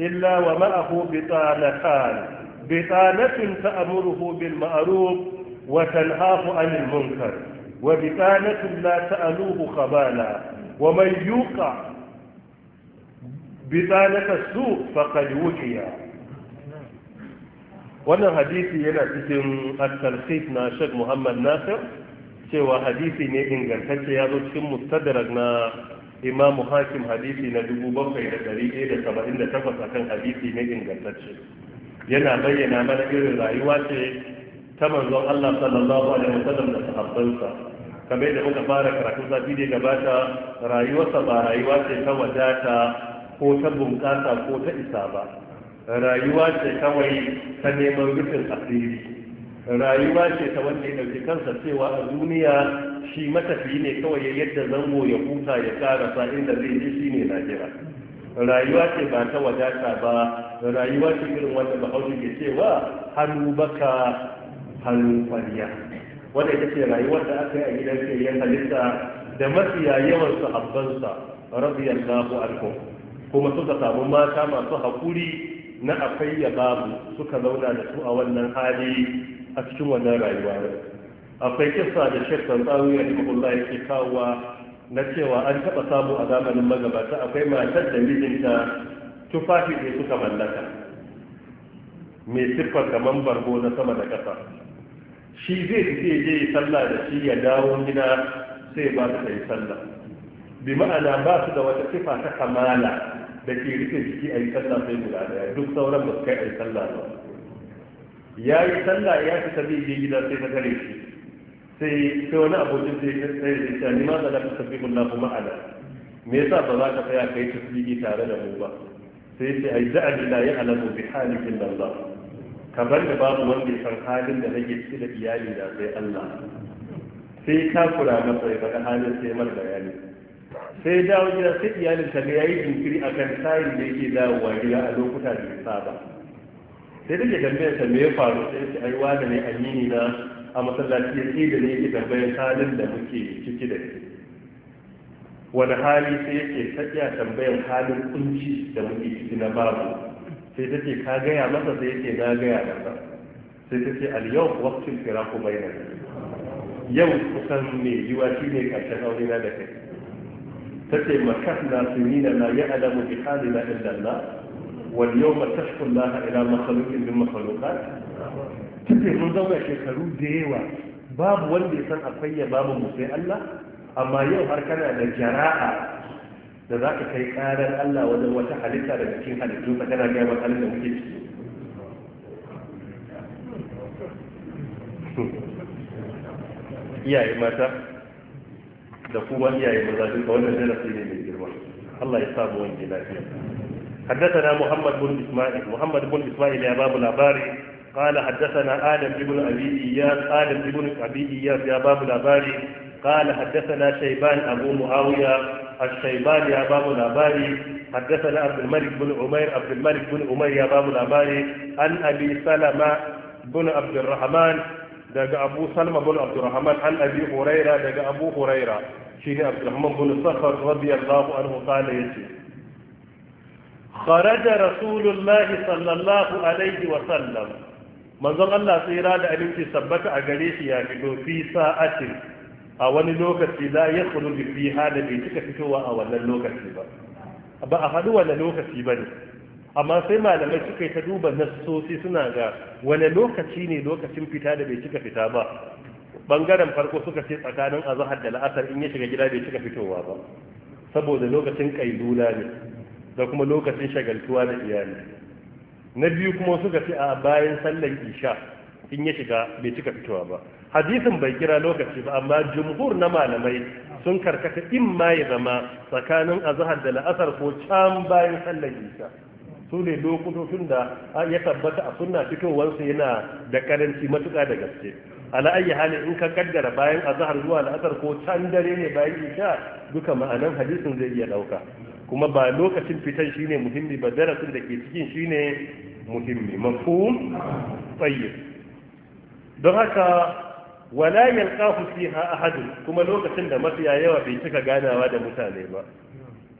إلا ومعه بطانتان بطانة تأمره بالمعروف وتنهاه عن المنكر وبطانة لا تألوه خبالا wa yuka bisa bitanaka su faqad wuqiya wannan hadisi yana cikin at-tarhis na Sheikh Muhammad Nasir cewa hadisi ne ingantacce ya zo cikin mustadrak na Imam hakim hadisi na 7178 akan hadisi ne ingantacce yana bayyana mana irin rayuwa ce ta manzon Allah sallallahu alaihi wasallam da sahabbansa kamar da muka fara karatu sati da gabata rayuwarsa ba rayuwa ce ta wadata ko ta bunƙasa ko ta isa ba rayuwa ce kawai ta neman rufin asiri rayuwa ce ta wanda ya ɗauki kansa cewa a duniya shi matafiyi ne kawai ya yadda zango ya huta ya karasa inda zai ji shi ne najira rayuwa ce ba ta wadata ba rayuwa ce irin wanda bahaushe ke cewa hannu baka hannu kwariya wanda ita ce rayuwar da aka yi a gidan fiyayyen halitta da mafiya yawan sahabbansa radiyallahu anhu kuma suka samu mata masu haƙuri na akwai ya babu suka zauna da su a wannan hali a cikin wannan rayuwa akwai kisa da shek tsawo ya kula yake kawowa na cewa an taɓa samu a zamanin magabata akwai matar da mijinta tufafi ne suka mallaka mai siffar da bargo na sama da ƙasa shi zai tafi je yi sallah da shi ya dawo gida sai ba su da yi sallah bi ma'ana ba su da wata sifa ta kamala da ke rike jiki a yi sallah sai guda daya duk sauran ba su kai a yi sallah ba ya yi sallah ya fi zai je gida sai ta tare shi sai sai wani abokin sai ya tsaye da ita ni ma da na kasabbi kullahu ma'ana me yasa ba za ka tsaya kai tasbihi tare da mu ba sai ce ai da'ani yi alamu bi halikin Allah kamar da babu wanda ya san halin da nake ciki da iyali da sai Allah sai ka kura masa ya faɗa halin sai mar bayani sai dawo gida sai iyalin ta ya yi jinkiri a kan tsarin da yake dawowa gida a lokuta da saba sai take tambayar ta me ya faru sai ce ai da ne amini na a masallaci ya ce da ne yake tambayar halin da muke ciki da shi wani hali sai yake ta tambayar halin kunci da muke ciki na babu sai ta ce ka gaya masa sai yake na gaya masa sai ta ce al-yau waqtul firaqu bainana yau kusan ne yiwa ne karshen aure na da kai ta ce na sunina la ya'lamu bi halina illa Allah wal yawma tashku Allah ila makhluqin min makhluqat ta ce mun zama shekaru da yawa babu wanda ya san akwai ya babu mu sai Allah amma yau har kana da jara'a da za ka kai karar Allah wajen wata halitta daga cikin halittu ka tana gaya masa da muke ciki iyaye mata da kuma iyaye maza duka wannan ne mai girma Allah ya sa mu wanke lafiya حدثنا محمد بن اسماعيل محمد بن اسماعيل يا باب الاباري قال حدثنا ادم بن ابي اياس ادم بن ابي اياس يا باب الاباري قال حدثنا شيبان ابو معاويه الشيباني يا باب الأباري حدثنا عبد الملك بن عمير عبد الملك بن عمير يا باب الأباري عن أبي سلمة بن عبد الرحمن دق أبو سلمة بن عبد الرحمن عن أبي هريرة دق أبو هريرة شيخ عبد الرحمن بن صخر رضي الله عنه قال يسير خرج رسول الله صلى الله عليه وسلم manzon Allah tsira da abinci sabbata a gare shi ya fito fi sa'atin a wani lokaci a ya kudu da fi hada bai cika fitowa a wannan lokaci ba ba a faɗi wani lokaci ba ne amma sai malamai suka yi ta duba nassosi suna ga wani lokaci ne lokacin fita da bai cika fita ba bangaren farko suka ce tsakanin azahar da la'asar in ya shiga gida bai cika fitowa ba saboda lokacin kailula ne da kuma lokacin shagaltuwa da iyali na biyu kuma suka ce a bayan sallan isha in ya shiga bai cika fitowa ba hadisin bai kira lokaci ba amma jumhur na malamai sun karkata in ma ya zama tsakanin azhar da la'asar ko can bayan sallar isha su ne lokutocin da ya tabbata a sunna wansu yana da karanci matuƙa da gaske ala ayi hali in ka kaddara bayan azhar zuwa la'asar ko can dare ne bayan isha duka ma'anan hadisin zai iya ɗauka. kuma ba lokacin fitan shine muhimmi ba darasin da ke cikin shine muhimmi mafhum tayyib don haka wala yalqahu fiha ahad kuma lokacin da mafiya yawa bai cika ganawa da mutane ba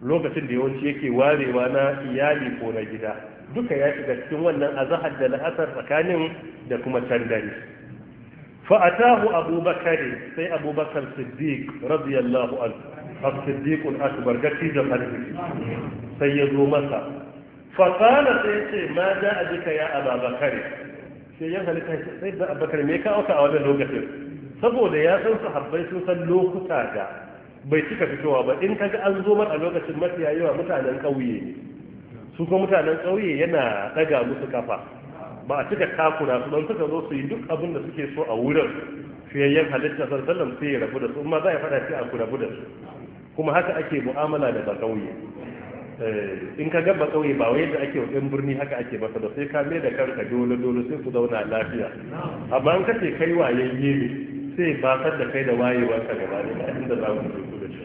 lokacin da yawanci yake warewa na iyali ko na gida duka ya shiga cikin wannan azahar da la'asar tsakanin da kuma can dare fa'atahu abubakar sai abubakar siddiq radiyallahu anhu as-siddiq al-akbar gati da arziki sai ya zo masa fa qala sai ce ma kaya bika ya ababakar yan halitta da me ka auka a wannan lokacin saboda ya san sahabbai sun san lokuta da bai cika fitowa ba in kaga an zo mar a lokacin mafiya yawa mutanen ƙauye su kuma mutanen ƙauye yana daga musu kafa ba a cika takura su don suka zo su yi duk abin da suke so a wurin fiyayyen halitta sallam sai ya rabu da su amma za a faɗa sai a ku rabu da su kuma haka ake mu'amala da ba ƙauye Eh, in ka gaba kauye ba wai yadda ake wajen birni haka ake ba da sai ka mai da kanka dole dole sai ku zauna lafiya amma an kace kai wayayye ne sai ba da kai da wayewar ka gaba ne inda za ku zo da shi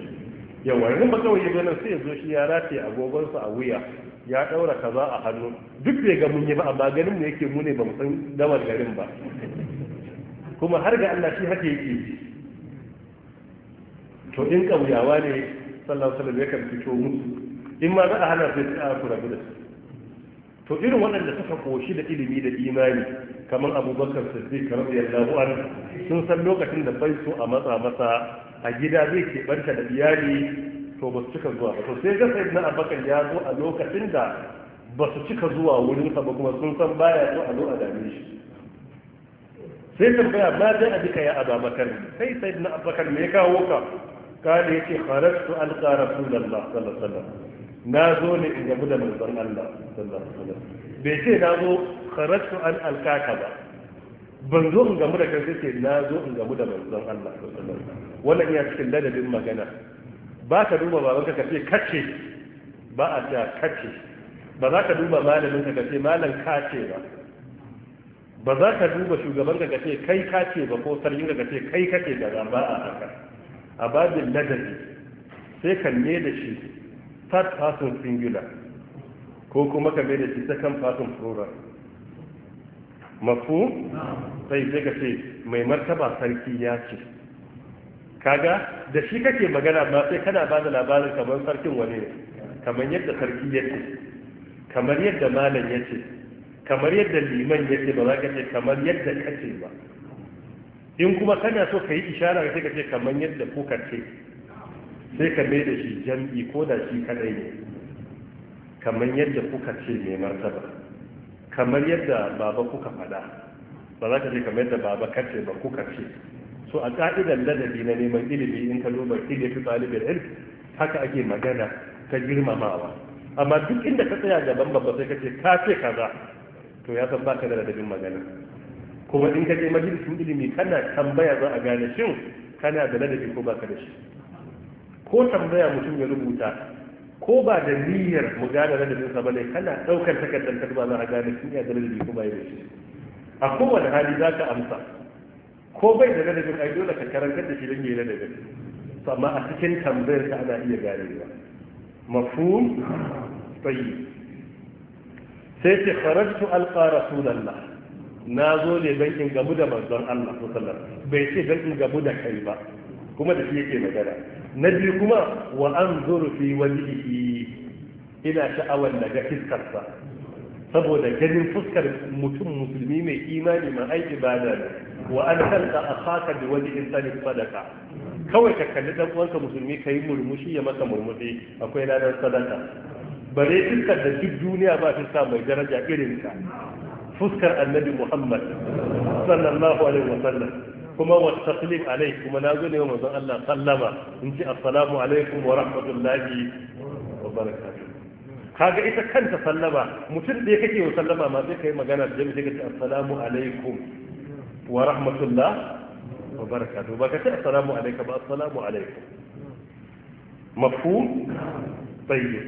yawa in ba kauye ga nan sai ya zo shi ya agogon agogonsa a wuya ya daura kaza a hannu duk bai ga mun yi ba amma ganin mu yake mu ne ba mu san dawar garin ba kuma har ga Allah shi haka yake to in kauyawa ne sallallahu alaihi wasallam ya kan fito musu in ma za a hana su a ku rabu da su to irin waɗanda suka koshi da ilimi da imani kamar abubakar siddiq radiyallahu anhu sun san lokacin da bai so a matsa masa a gida zai ke keɓanta da iyali to ba su cika zuwa ba to sai ga na abubakar ya zo a lokacin da ba su cika zuwa wurin sa ba kuma sun san baya so a zo a dame shi sai tambaya ma dai a duka ya ababakar sai sai na abubakar me ya kawo ka kada yake kharajtu alqa rasulullah sallallahu alaihi wasallam na zo ne in gabu da manzon Allah sallallahu alaihi wasallam bai ce na zo kharatu an alkaka ba ban zo in gamu da kan sai ce na zo in gamu da manzon Allah sallallahu alaihi wasallam wannan ya cikin ladabin magana ba ka duba babanka ka ce kace ba a ta kace ba za ka duba malamin ka ce malam kace ba ba za ka duba shugaban ka ce kai kace ba ko sarkin ka ce kai kace da ba a haka a babin ladabi sai kan ne da shi third person singular ko kuma ka mai da shi second person plural mafu sai sai ka ce mai martaba sarki ya ce kaga da shi kake magana ba sai kana ba da labarin kamar sarkin wani ne kamar yadda sarki ya ce kamar yadda malam ya ce kamar yadda liman ya ce ba za ka ce kamar yadda ka ce ba in kuma kana so ka yi ishara sai ka ce kamar yadda kuka ce sai ka mai da shi jam'i ko da shi kadai ne kamar yadda kuka ce mai martaba kamar yadda baba kuka faɗa ba za ka ce kamar yadda baba kace ba kuka ce so a ka'idar ladabi na neman ilimi in ka duba ilimi talibin ilm haka ake magana ta girmamawa amma duk inda ka tsaya gaban babba sai ka ce ka ce kaza to ya san baka da ladabin magana kuma in ka je majalisin ilimi kana tambaya za a gane shin kana da ladabi ko baka da shi ko tambaya mutum ya rubuta ko ba da niyyar mu gane ladabin sa bane kana daukar takardar ka ba za a gane kin ya da ladabi ko bai da shi a kowane hali za ka amsa ko bai da ladabin ai dole ka karantar da shi don yayi to amma a cikin tambayar ka ana iya ganewa mafhum tayyib sai ce kharajtu alqa rasulullah na zo ne ban in gamu da manzon Allah sallallahu bai ce don in gamu da kai ba kuma da shi yake magana na biyu kuma wa an zuru fi wajihi ina sha'awar daga iskarsa, fiskarsa saboda ganin fuskar mutum musulmi mai imani ma ai ibada ne wa an halka akhaka bi wajhi insani sadaka kawai ka kalli dan uwanka musulmi kai murmushi ya maka murmushi akwai ranar sadaka bare fuskar da duk duniya ba ta sa mai daraja irin ka fuskar annabi Muhammad sallallahu alaihi wasallam kuma wa taslim alaihi kuma na zo ne wa manzon Allah sallama in ji assalamu alaikum wa rahmatullahi wa barakatuh kaga ita kanta sallama mutum da kake wa sallama ma sai kai magana da jami'i kace assalamu alaikum wa rahmatullah wa barakatuh ba kace assalamu alaikum ba assalamu alaikum mafhum tayyib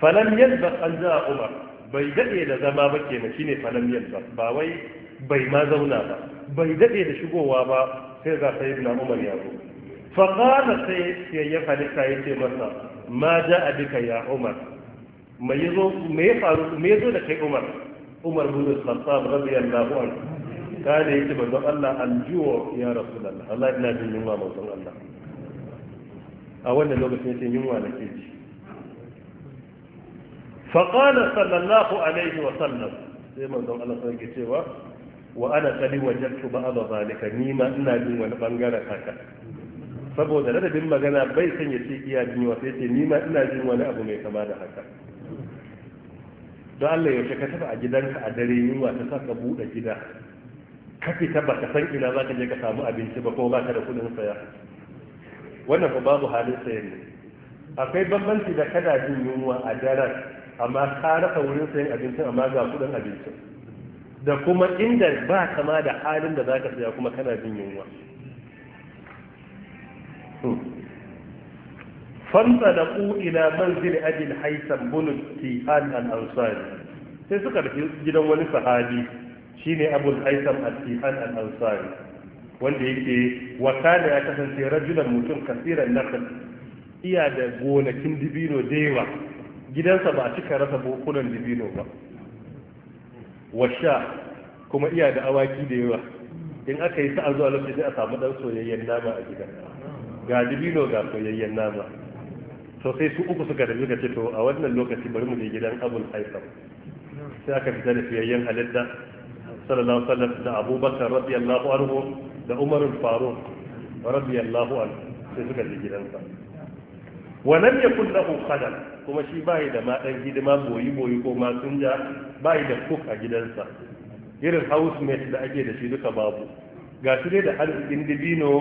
falam yalbas an umar bai dade da zama ba kenan shine falam yalbas ba wai bai ma zauna ba bai daɗe da shigowa ba sai ga sai na umar ya zo faƙala sai siyayyen halitta ya ce masa ma ja a duka ya umar mai ya faru me ya zo da kai umar umar bin al-khattab radiyallahu anhu kada yake manzon Allah aljuwa ya rasulullah Allah ina jin yunwa manzon Allah a wannan lokacin sai yunwa ke ji فقال sallallahu alaihi wa sallam sai manzon Allah sai ke cewa wa ana tuba a ba zalika ni ma ina jin wani bangare haka saboda ladabin magana bai san ya ce iya jin wa sai ce ni ma ina jin wani abu mai kama da haka don Allah yaushe ka taba a gidanka a dare yunwa ta saka buɗe gida ka fita ba ka san ina za ka je ka samu abinci ba ko ba ka da kuɗin saya wannan ba babu halin sayan ne akwai bambanci da kada jin yunwa a daren amma ka rasa wurin sayan abincin amma ga kuɗin abincin da kuma inda ba kama da halin da za ka saya kuma kana jin yunwa fanta da ku ila manzil ajil haisan ti an al-ansari sai suka da gidan wani sahabi shine abul haisan al an al-ansari wanda yake wakana ya kasance rajulan mutum kasiran nakal iya da gonakin dibino da yawa gidansa ba a cika rasa bukunan dibino ba washa kuma iya da awaki da yawa in aka yi sa'a zuwa lokacin sai a samu dan soyayyen nama a gidan ga dibino ga soyayyen nama to sai su uku suka da suka ce to a wannan lokaci bari mu je gidan abul haisam sai aka fita da soyayyen halitta sallallahu alaihi wasallam da abubakar radiyallahu anhu da umar faruq radiyallahu anhu sai suka je gidansa wa lam yakun lahu qadam kuma shi bai da ma dan hidima boyi boyi ko ma sunja bai da cook a gidansa irin housemate da ake da shi duka babu Ga shi dai da arzikin dibino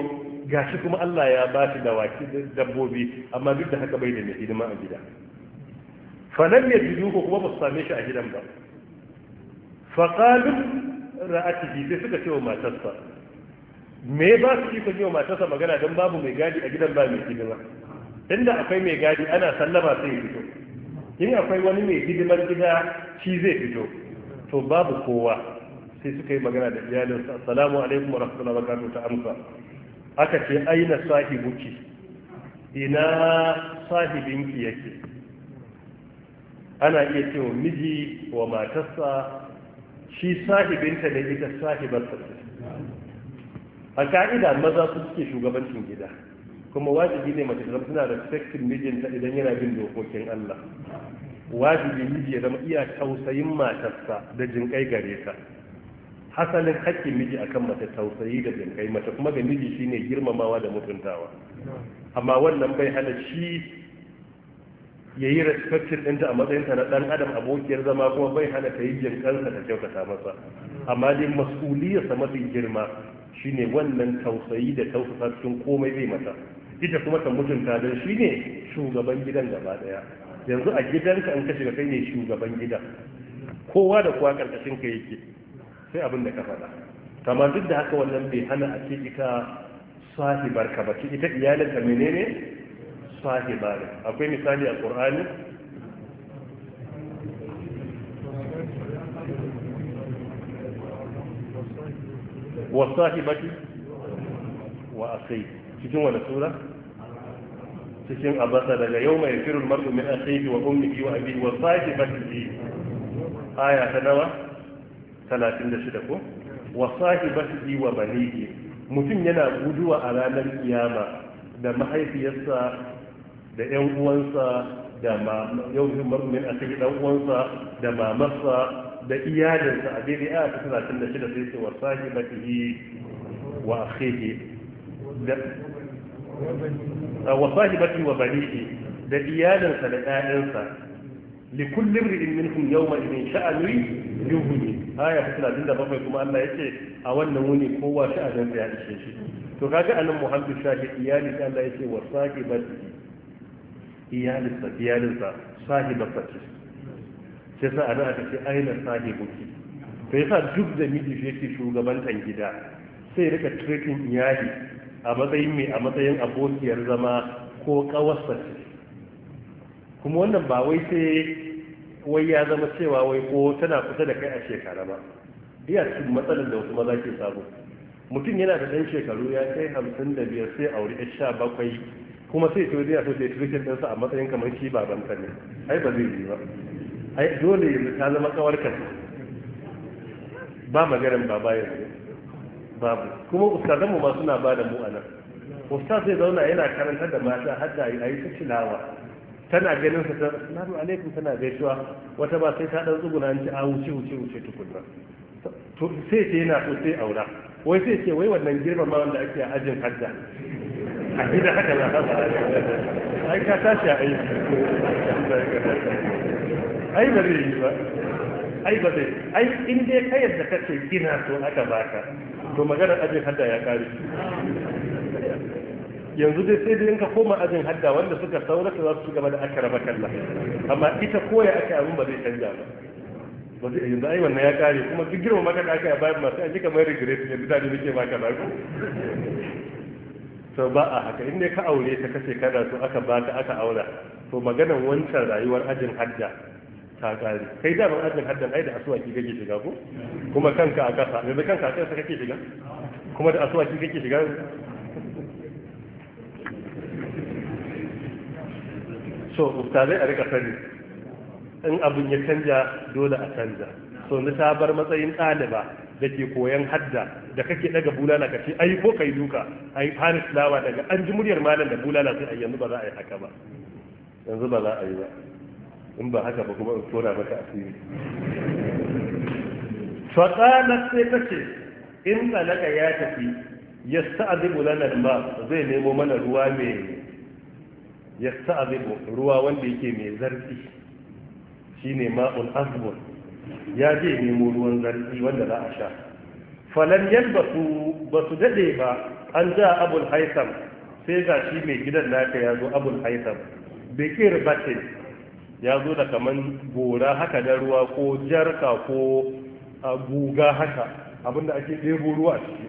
shi kuma Allah ya ba shi da waki dabbobi amma duk da haka bai da mai hidima a gida fa lam ko kuma ba su same shi a gidan ba fa qalu ra'atihi sai suka ce wa matarsa me ba su yi ko matarsa magana dan babu mai gadi a gidan ba mai hidima tunda akwai mai gadi ana sallama sai ya fito in akwai wani mai hidimar gida shi zai fito to babu kowa sai suka yi magana da iyalinsa assalamu alaikum wa wabarakatuh wa ta amsa aka ce aina sahibuki ina sahibinki yake ana iya cewa miji wa matarsa shi sahibinta ne ita sahibarsa a ka'ida maza su suke shugabancin gida kuma wajibi ne mace ta zama tana respecting mijinta idan yana bin dokokin Allah wajibi miji ya zama iya tausayin matarsa da jinkai gare ta hasalin haƙƙin miji akan mace tausayi da jinkai mace kuma ga miji shine girmamawa da mutuntawa amma wannan bai hana shi ya yi respectin ɗinta a matsayin ta na ɗan adam abokiyar zama kuma bai hana ta yi jinkansa ta kyautata masa amma dai masuliyarsa mafi girma shine wannan tausayi da tausasa cikin komai bai mata ita kuma ta mutunta don shi ne shugaban gidan gaba daya yanzu a gidanka an ka kai ne shugaban gidan kowa da kowa karkashin ka yake sai abin da ka faɗa kamar duk da haka wannan bai hana a ce ita sahibar ka ba ita iyalin ka menene sahiba ne akwai misali a qur'ani wa sahibati wa akhi cikin wani sura cikin abasa daga yau mai firin mar'u min akhihi wa ummihi wa abihi wa sahibatihi aya ta nawa 36 ko wa sahibatihi wa banihi mutum yana guduwa a ranar kiyama da mahaifiyarsa da yan uwansa da ma yau mai mar'u min akhihi dan uwansa da mamarsa da iyalinsa a daidai a ta 36 sai ce wa sahibatihi wa akhihi wa sahibati wa banihi da sa da ƴaƴansa li kulli imrin minhum yawma idin sha'ani yuhuni aya ta 37 kuma Allah yake a wannan wuni kowa sha'anin ya ishe shi to kaga anan muhammadu shahi iyali da Allah yake wa sahibati iyalinsa iyalin sa sahibati sai sa ana aka ce aina sahibuki to yasa duk da miji yake shugabantan gida sai rika treating iyali a matsayin mai a matsayin abokiyar zama ko kawarsa ce kuma wannan ba wai sai wai ya zama cewa wai ko tana kusa da kai a shekara ba iya cikin matsalar da wasu maza ke samu mutum yana da ɗan shekaru ya kai hamsin da biyar sai auri ya sha bakwai kuma sai to zai so da tirkin ɗinsa a matsayin kamar shi babanta ne ai ba zai yi ba ai dole yanzu ta zama kawarka ba maganin baba yanzu babu kuma mu ma suna ba da mu a nan ustaz zai zauna yana karantar da mata har da a yi ta tilawa tana ganin sa ta salamu alaikum tana gaisuwa wata ba sai ta dan tsuguna an ci a wuce wuce wuce tukunna to sai ce yana so sai aura wai sai ce wai wannan ma wanda ake a ajin hadda a gida haka na haka ai ka tashi a aiki ai ba zai yi ba ai ba zai ai in dai ka yadda kace gina to aka baka to maganar ajin hadda ya kare yanzu dai sai dai ka koma ajin hadda wanda suka saurata za su gaba da aka raba kalla amma ita koya aka abin ba zai canja ba ba zai yanzu ai wannan ya kare kuma duk girma maka da aka ya bayar masu aji kamar regret ne bisa da nake baka ba ku to ba a haka in dai ka aure ta kace kada so aka baka aka aura to maganar wancan rayuwar ajin hadda ta kare kai da ban ajin haddan ai da asuwaki kake shiga ko kuma kanka a kasa yanzu kanka a kasa kake shiga kuma da asuwaki kake shiga so ustaze a rika sani in abin ya canja dole a canja so na ta bar matsayin ɗaliba da ke koyan hadda da kake daga bulala ka ce ai ko kai duka ai paris lawa daga an ji muryar malam da bulala sai a yanzu ba za a yi haka ba yanzu ba za a yi ba in ba haka ba kuma in tona maka asiri faƙalar sai ta ce in tsalaka ya tafi ya sa'adibu lanar ba zai nemo mana ruwa mai ya sa'adibu ruwa wanda yake mai zarfi ne ma'un azbun ya je nemo ruwan zarfi wanda za a sha falan yalbasu ba su daɗe ba an ja abul haitham sai ga shi mai gidan naka ya zo abul haitham bikir batin ya zo da kaman gora haka da ruwa ko jarka ko guga haka abinda ake ɗebo ruwa a ciki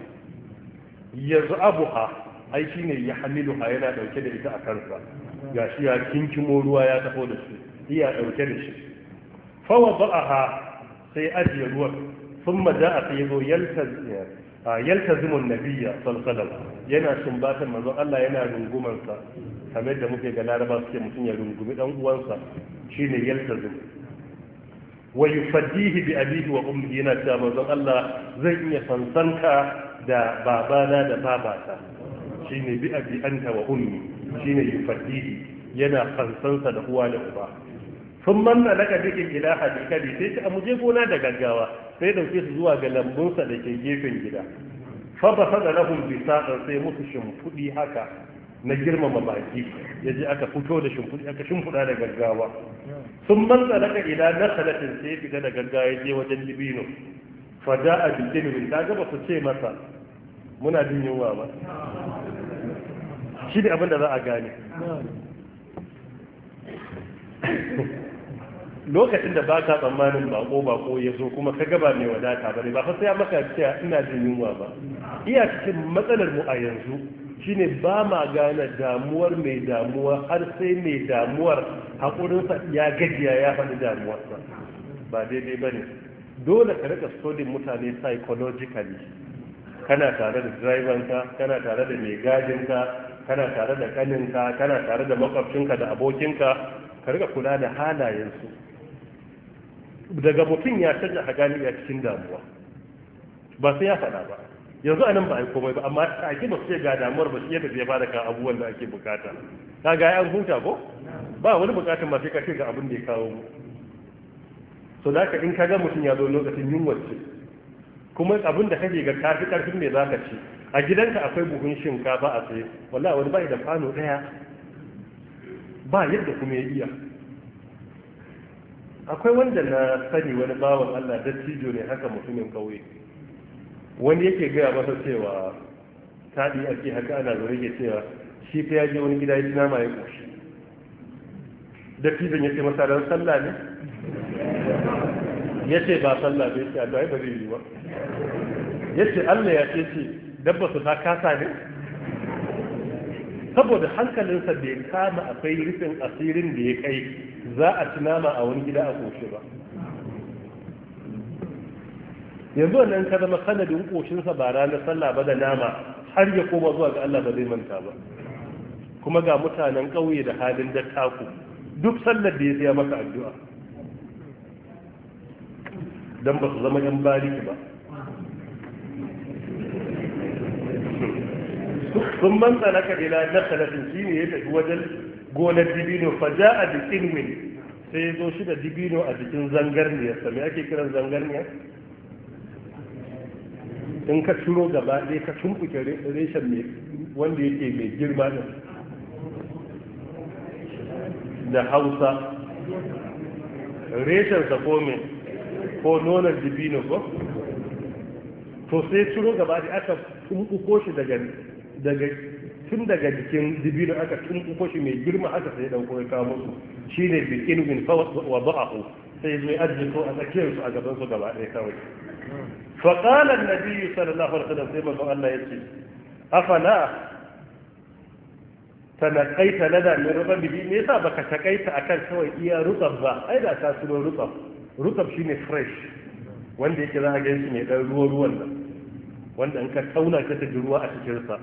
yanzu abuha ai shi ne ya hamilu ha yana ɗauke da ita a kansa ga shi ya kinkimo ruwa ya taho da shi iya ɗauke da shi fawa ha sai ajiye ruwan sun maja a sai zo yalta yaltazimun nabiyya sallallahu yana sumbatan manzo Allah yana rungumansa. sa kamar da muke ga laraba suke mutum ya rungumi dan uwansa shine yaltazim wa yufaddihi bi abihi wa ummihi yana cewa manzo Allah zan iya fansanka da babana da babata shine bi abi anta wa ummi shine yufaddihi yana fansansa da uwa da uba sun manna daga gida ila hadikabi sai a muje gona da gaggawa sai dauke su zuwa ga lambunsa da ke gefen gida fa ba sada lahum sa'a sai musu shimfudi haka na girmama baki yaji aka fito da shimfudi aka shimfuda da gaggawa sun manna daga ila nakhalatin sai fita da gaggawa yaje wajen libino fa da'a bi dimin da ba su ce masa muna jin yunwa ba shi ne abin da za a gane lokacin da ba ka tsammanin bako bako ya zo kuma ka gaba mai wadata bane ba fa sai ya maka cewa ina jin yunwa ba iya cikin matsalar mu a yanzu shine ba ma gane damuwar mai damuwa har sai mai damuwar haƙurinsa ya gajiya ya faɗi damuwarsa ba daidai ba ne dole ka rika sodin mutane psychologically kana tare da drivanka kana tare da mai gadinka kana tare da kaninka kana tare da makwabcinka da abokinka ka rika kula da halayensu daga mutum ya canza hagani a cikin damuwa ba sai ya faɗa ba yanzu anan ba a yi komai ba amma a ake ba sai ga damuwar ba shi yadda zai da ka abubuwan da ake bukata ka ga an huta ko ba wani bukatun ma sai ka ce ga abin da ya kawo mu so da ka in ka ga mutum ya zo lokacin yunwar ce kuma abin da kake ga kafi karfin me ka ci a gidanka akwai buhun shinkafa a tsaye wallahi wani bai da kwano daya ba yadda kuma ya iya akwai wanda na sani wani bawan Allah dattijo ne haka mutumin kauye wani yake gaya masa cewa taɗi ake haka ana zaune ke cewa shi ta yaje wani gida ya ci nama ya ƙoshi dattijon ya ce masa ran sallah ne ya ce ba sallah bai ce a ba zai yi ba ya ce Allah ya ce ce dabba su ta kasa ne saboda hankalinsa bai kama akwai rufin asirin da ya kai za a ci nama a wani gida a koshi ba yanzu wannan ka zama sanadin koshinsa ba ranar sallah ba da nama har ya koma zuwa ga Allah ba zai manta ba kuma ga mutanen ƙauye da halin da taku duk sallar da ya saya maka addu'a don ba su zama yan bariki ba sun man tsanaka ila na talatin shi ne ya tafi wajen gonar dibino fa ja a jikin win sai ya zo shi da dibino a jikin zangarniyar sa me ake kiran zangarniyar in ka shiro gaba ɗaya ka tumɓuke reshen mai wanda yake mai girma da da hausa reshen sa ko mai ko nonon dibino ko to sai shiro gaba ɗaya aka tumɓuko shi daga daga tun daga jikin dibino aka tun kuko shi mai girma aka sai dan koyi kawo musu shine bi ilmin fa wa ba'ahu sai zai ajiye ko a tsakiyar su a gaban su gaba ɗaya kawai fa qala an-nabi sallallahu alaihi wasallam sai manzon Allah yace afala tanaqaita lada min rabbi me yasa baka takaita akan kawai iya rutsar ba ai da ta suno rutsar rutsar shine fresh wanda yake za a gaisu mai ne dan ruwa ruwan nan wanda in ka tauna ka ta ruwa a cikin sa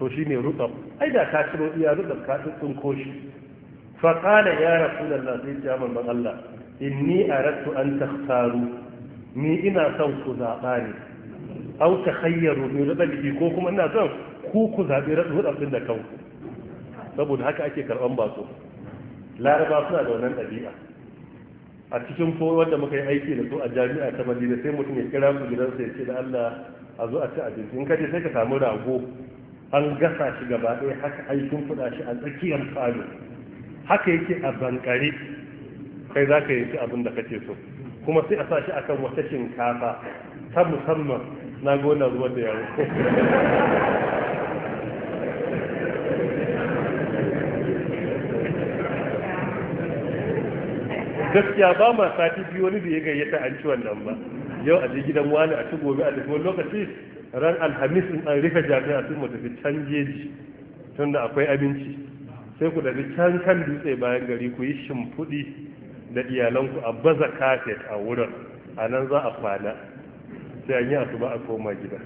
to ne rutab ai da ka ciro iya rutab ka tsinko shi fa kana ya rasulullah sai ya ban Allah inni aratu an takhtaru ni ina son ku zaba ne aw takhayyaru bi ko kuma ina son ku ku zabi rudab din da kanku saboda haka ake karban bako laraba suna da wannan dabi'a a cikin ko wanda muka yi aiki da su a jami'a ta madina sai mutum ya kira mu gidansa ya ce da Allah a zo a ci abinci in kaje sai ka samu rago an gasa shi gaba ɗaya haka an shi a tsakiyar falo haka yake a bankare kai za ka yi abin da kake so kuma sai a sa shi akan wata shinkafa ta musamman na gona ruwa da yawo gaskiya ba ma sati biyu wani da ya gayyata an ci wannan ba yau a je gidan wani a ci gobe a tafi lokaci ran alhamis in an rika jami'a sun mu tafi can jeji tunda akwai abinci sai ku tafi can kan dutse bayan gari ku yi shimfiɗi da iyalanku a baza kafet a wurin a nan za a kwana sai an yi asuba a koma gida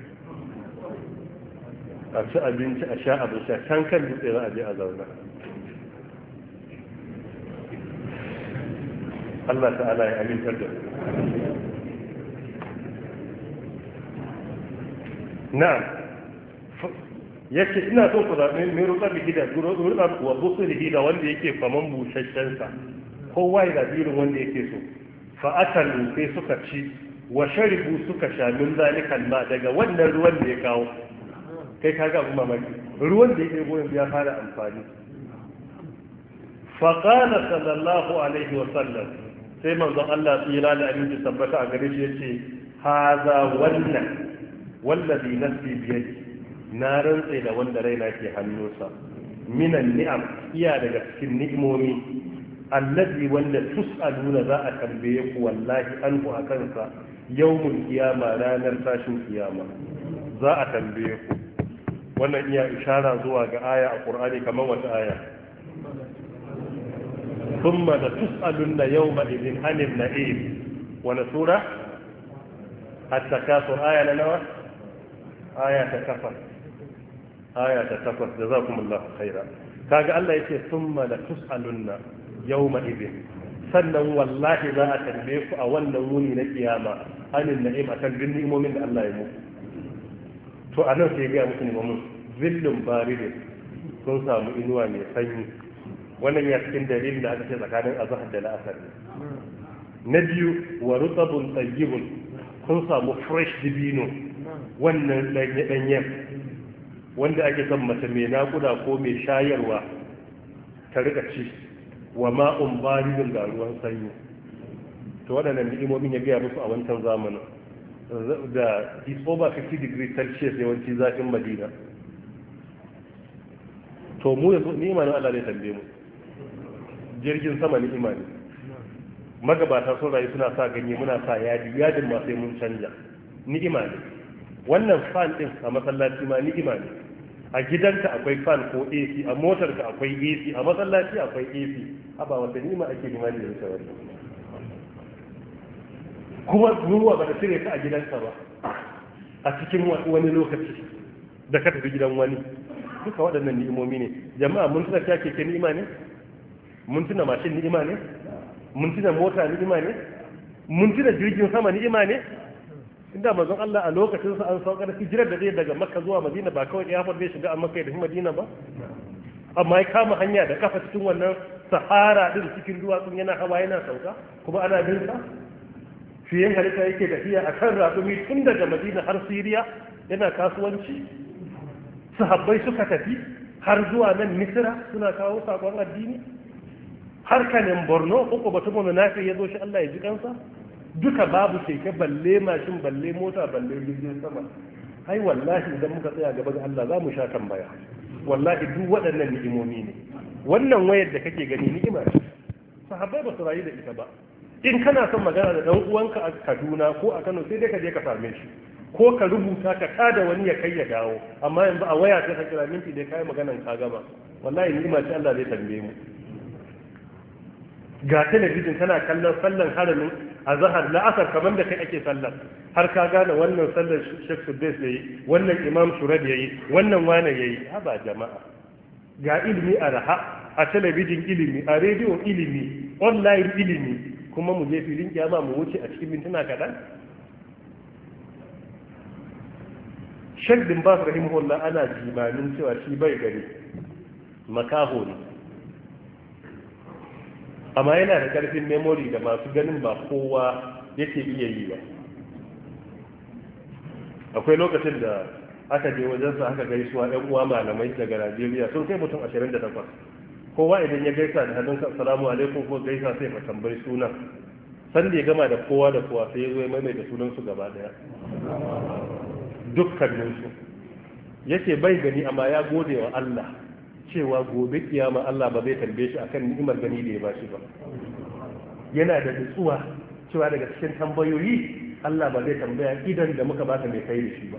a ci abinci a sha abin sha can kan dutse za a je a zauna Allah ta'ala ya amintar da su na'am yake ina son ku zaɓi mai rutsar da gida rutsar wa busur da wanda yake faman busasshen sa kowa ya zaɓi irin wanda yake so fa akalu sai suka ci wa sharibu suka sha min zalikan ma daga wannan ruwan da ya kawo kai ka ga abin mamaki ruwan da ya ɗebo yanzu ya fara amfani faƙala sallallahu alaihi wa sallam sai manzon Allah tsira da aminci tabbata a gare shi yace haza wannan wallazi nafsi biyadi na rantse da wanda raina ke hannunsa minan ni'am iya daga cikin ni'imomi allazi wanda tus'aluna za a tambaye ku wallahi an anhu akan sa yawmul kiyama ranar tashin kiyama za a tambaye ku wannan iya ishara zuwa ga aya a qur'ani kamar wata aya da ثم لتسألن يومئذ عن النعيم ولا سورة aya na nawa? aya ta takwas aya ta takwas da za kuma Allah khaira kaga Allah yake summa la tus'alunna yawma idin sannan wallahi za a tarbe ku a wannan wuni na kiyama anin na'im akan duk ni'imomin da Allah ya mu to a nan sai ga muku ni'imomin zillun baridin sun samu inuwa mai sanyi wannan ya cikin dalilin da aka ce tsakanin azhar da la'asar na biyu wa rutabun tayyibun kun samu fresh dibino wannan ɗanye-ɗanyen wanda ake son mace mai naƙuda ko mai shayarwa ta rika ci wa ma'un baridin da ruwan sanyi to waɗannan ni'imomin ya gaya musu a wancan zamanin da is over 50 degrees celsius yawanci zafin madina to mu yanzu ni imanin Allah ne tambaye mu jirgin sama ni imani magabata sun rayu suna sa ganye muna sa yadi yadin ma sai mun canja Ni imani wannan fan din a masallaci ma ni'ima ne a gidanka akwai fan ko AC a motarka akwai AC a masallaci akwai AC haba wata ni'ima ake nima da yau wani kuma ruwa ba da cire ka a gidanka ba a cikin wani lokaci da ka tafi gidan wani duka waɗannan ni'imomi ne jama'a mun tuna kya keke ni'ima ne mun tuna mashin ni'ima ne mun tuna mota ni'ima ne mun tuna jirgin sama ni'ima ne inda manzon Allah a lokacin sa an saukar hijirar da zai daga Makka zuwa Madina ba kawai ya farbe shiga a Makka da Madina ba amma ya kama hanya da kafa cikin wannan sahara din cikin duwatsun yana hawa yana sauka kuma ana bin sa fiye halitta yake tafiya a kan ratsumi tun daga Madina har Siriya yana kasuwanci sahabbai suka tafi har zuwa nan Misira suna kawo sakon addini har kanin Borno uku batu nafi ya zo shi Allah ya ji kansa duka babu keke balle mashin balle mota balle jirgin sama ai wallahi idan muka tsaya gaba ga Allah za mu sha tambaya wallahi duk waɗannan ni'imomi ne wannan wayar da kake gani ni'ima ce sahabbai ba su rayu da ita ba in kana son magana da ɗan uwanka a Kaduna ko a Kano sai dai ka je ka same shi ko ka rubuta ka kada wani ya kai ya dawo amma yanzu a waya sai ka kira minti dai kai maganan ka gama wallahi ni'ima ce Allah zai tambaye mu ga talabijin tana kallon sallan haramin a zahar la'asar kamar da kai ake sallar har ka gane wannan sallar shek su ya yi wannan imam shurad ya yi wannan wane ya yi haba jama'a ga ilimi a raha a talabijin ilimi a rediyo ilimi online ilimi kuma mu je filin kiyama mu wuce a cikin mintuna kaɗan shek ba bas rahimahullah ana jimanin cewa shi bai gari, makaho ne amma yana da karfin memory da masu ganin ba kowa yake iya yi ba akwai lokacin da aka je wajen sa aka gaisuwa yan uwa malamai daga Najeriya sun kai mutum 28 kowa idan ya gaisa da hannunsa assalamu alaikum ko gaisa sai ka tambayi sunan san da ya gama da kowa da kowa sai ya zo ya maimaita sunan su gaba daya dukkanin su yake bai gani amma ya gode wa Allah cewa gobe kiyama Allah ba zai tambaye shi akan ni'imar gani da ya ba shi ba yana da nutsuwa cewa daga cikin tambayoyi Allah ba zai tambaya idan da muka ta mai kai da shi ba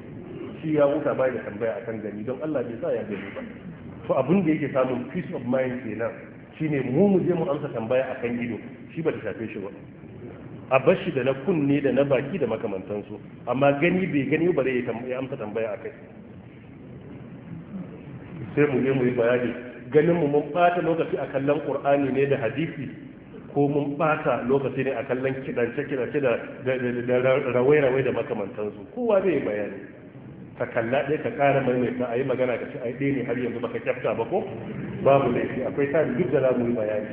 shi ya wuta bai da tambaya akan gani don Allah bai sa ya gani ba to abin da yake samun peace of mind kenan shine mu mu je mu amsa tambaya akan ido shi ba ta shafe shi ba a bashi da na kunne da na baki da makamantansu amma gani bai gani ba zai amsa tambaya akai sai mu je mu yi bayani ganin mu mun bata lokaci a kallon qur'ani ne da hadisi ko mun bata lokaci ne a kallon kidance kidance da rawai rawai da makamantansu kowa zai bayani ka kalla ɗaya ka ƙara maimaita a yi magana ka ci a ɗaya ne har yanzu baka kyafta ba ko babu laifi akwai ta duk da za mu yi bayani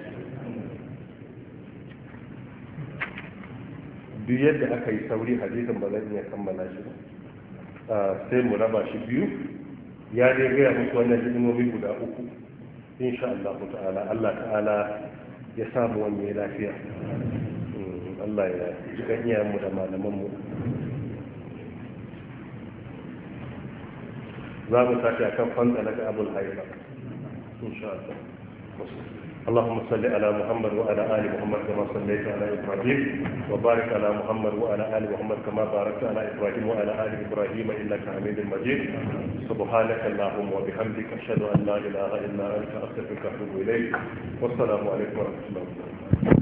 duk yadda aka yi sauri hadisin ba zan iya kammala shi ba ah, sai mu raba shi biyu ya dai gaya musu wannan hidimomi guda uku insha Allah ta'ala Allah ta'ala ya samu wani lafiya mm, Allah ya ji iya mu da malaman mu za mu tafi akan fanta daga abul haifa insha Allah اللهم صل على محمد وعلى ال محمد كما صليت على ابراهيم وبارك على محمد وعلى ال محمد كما باركت على ابراهيم وعلى ال ابراهيم انك حميد مجيد سبحانك اللهم وبحمدك اشهد ان لا اله الا انت استغفرك واتوب اليك والسلام عليكم ورحمه الله وبركاته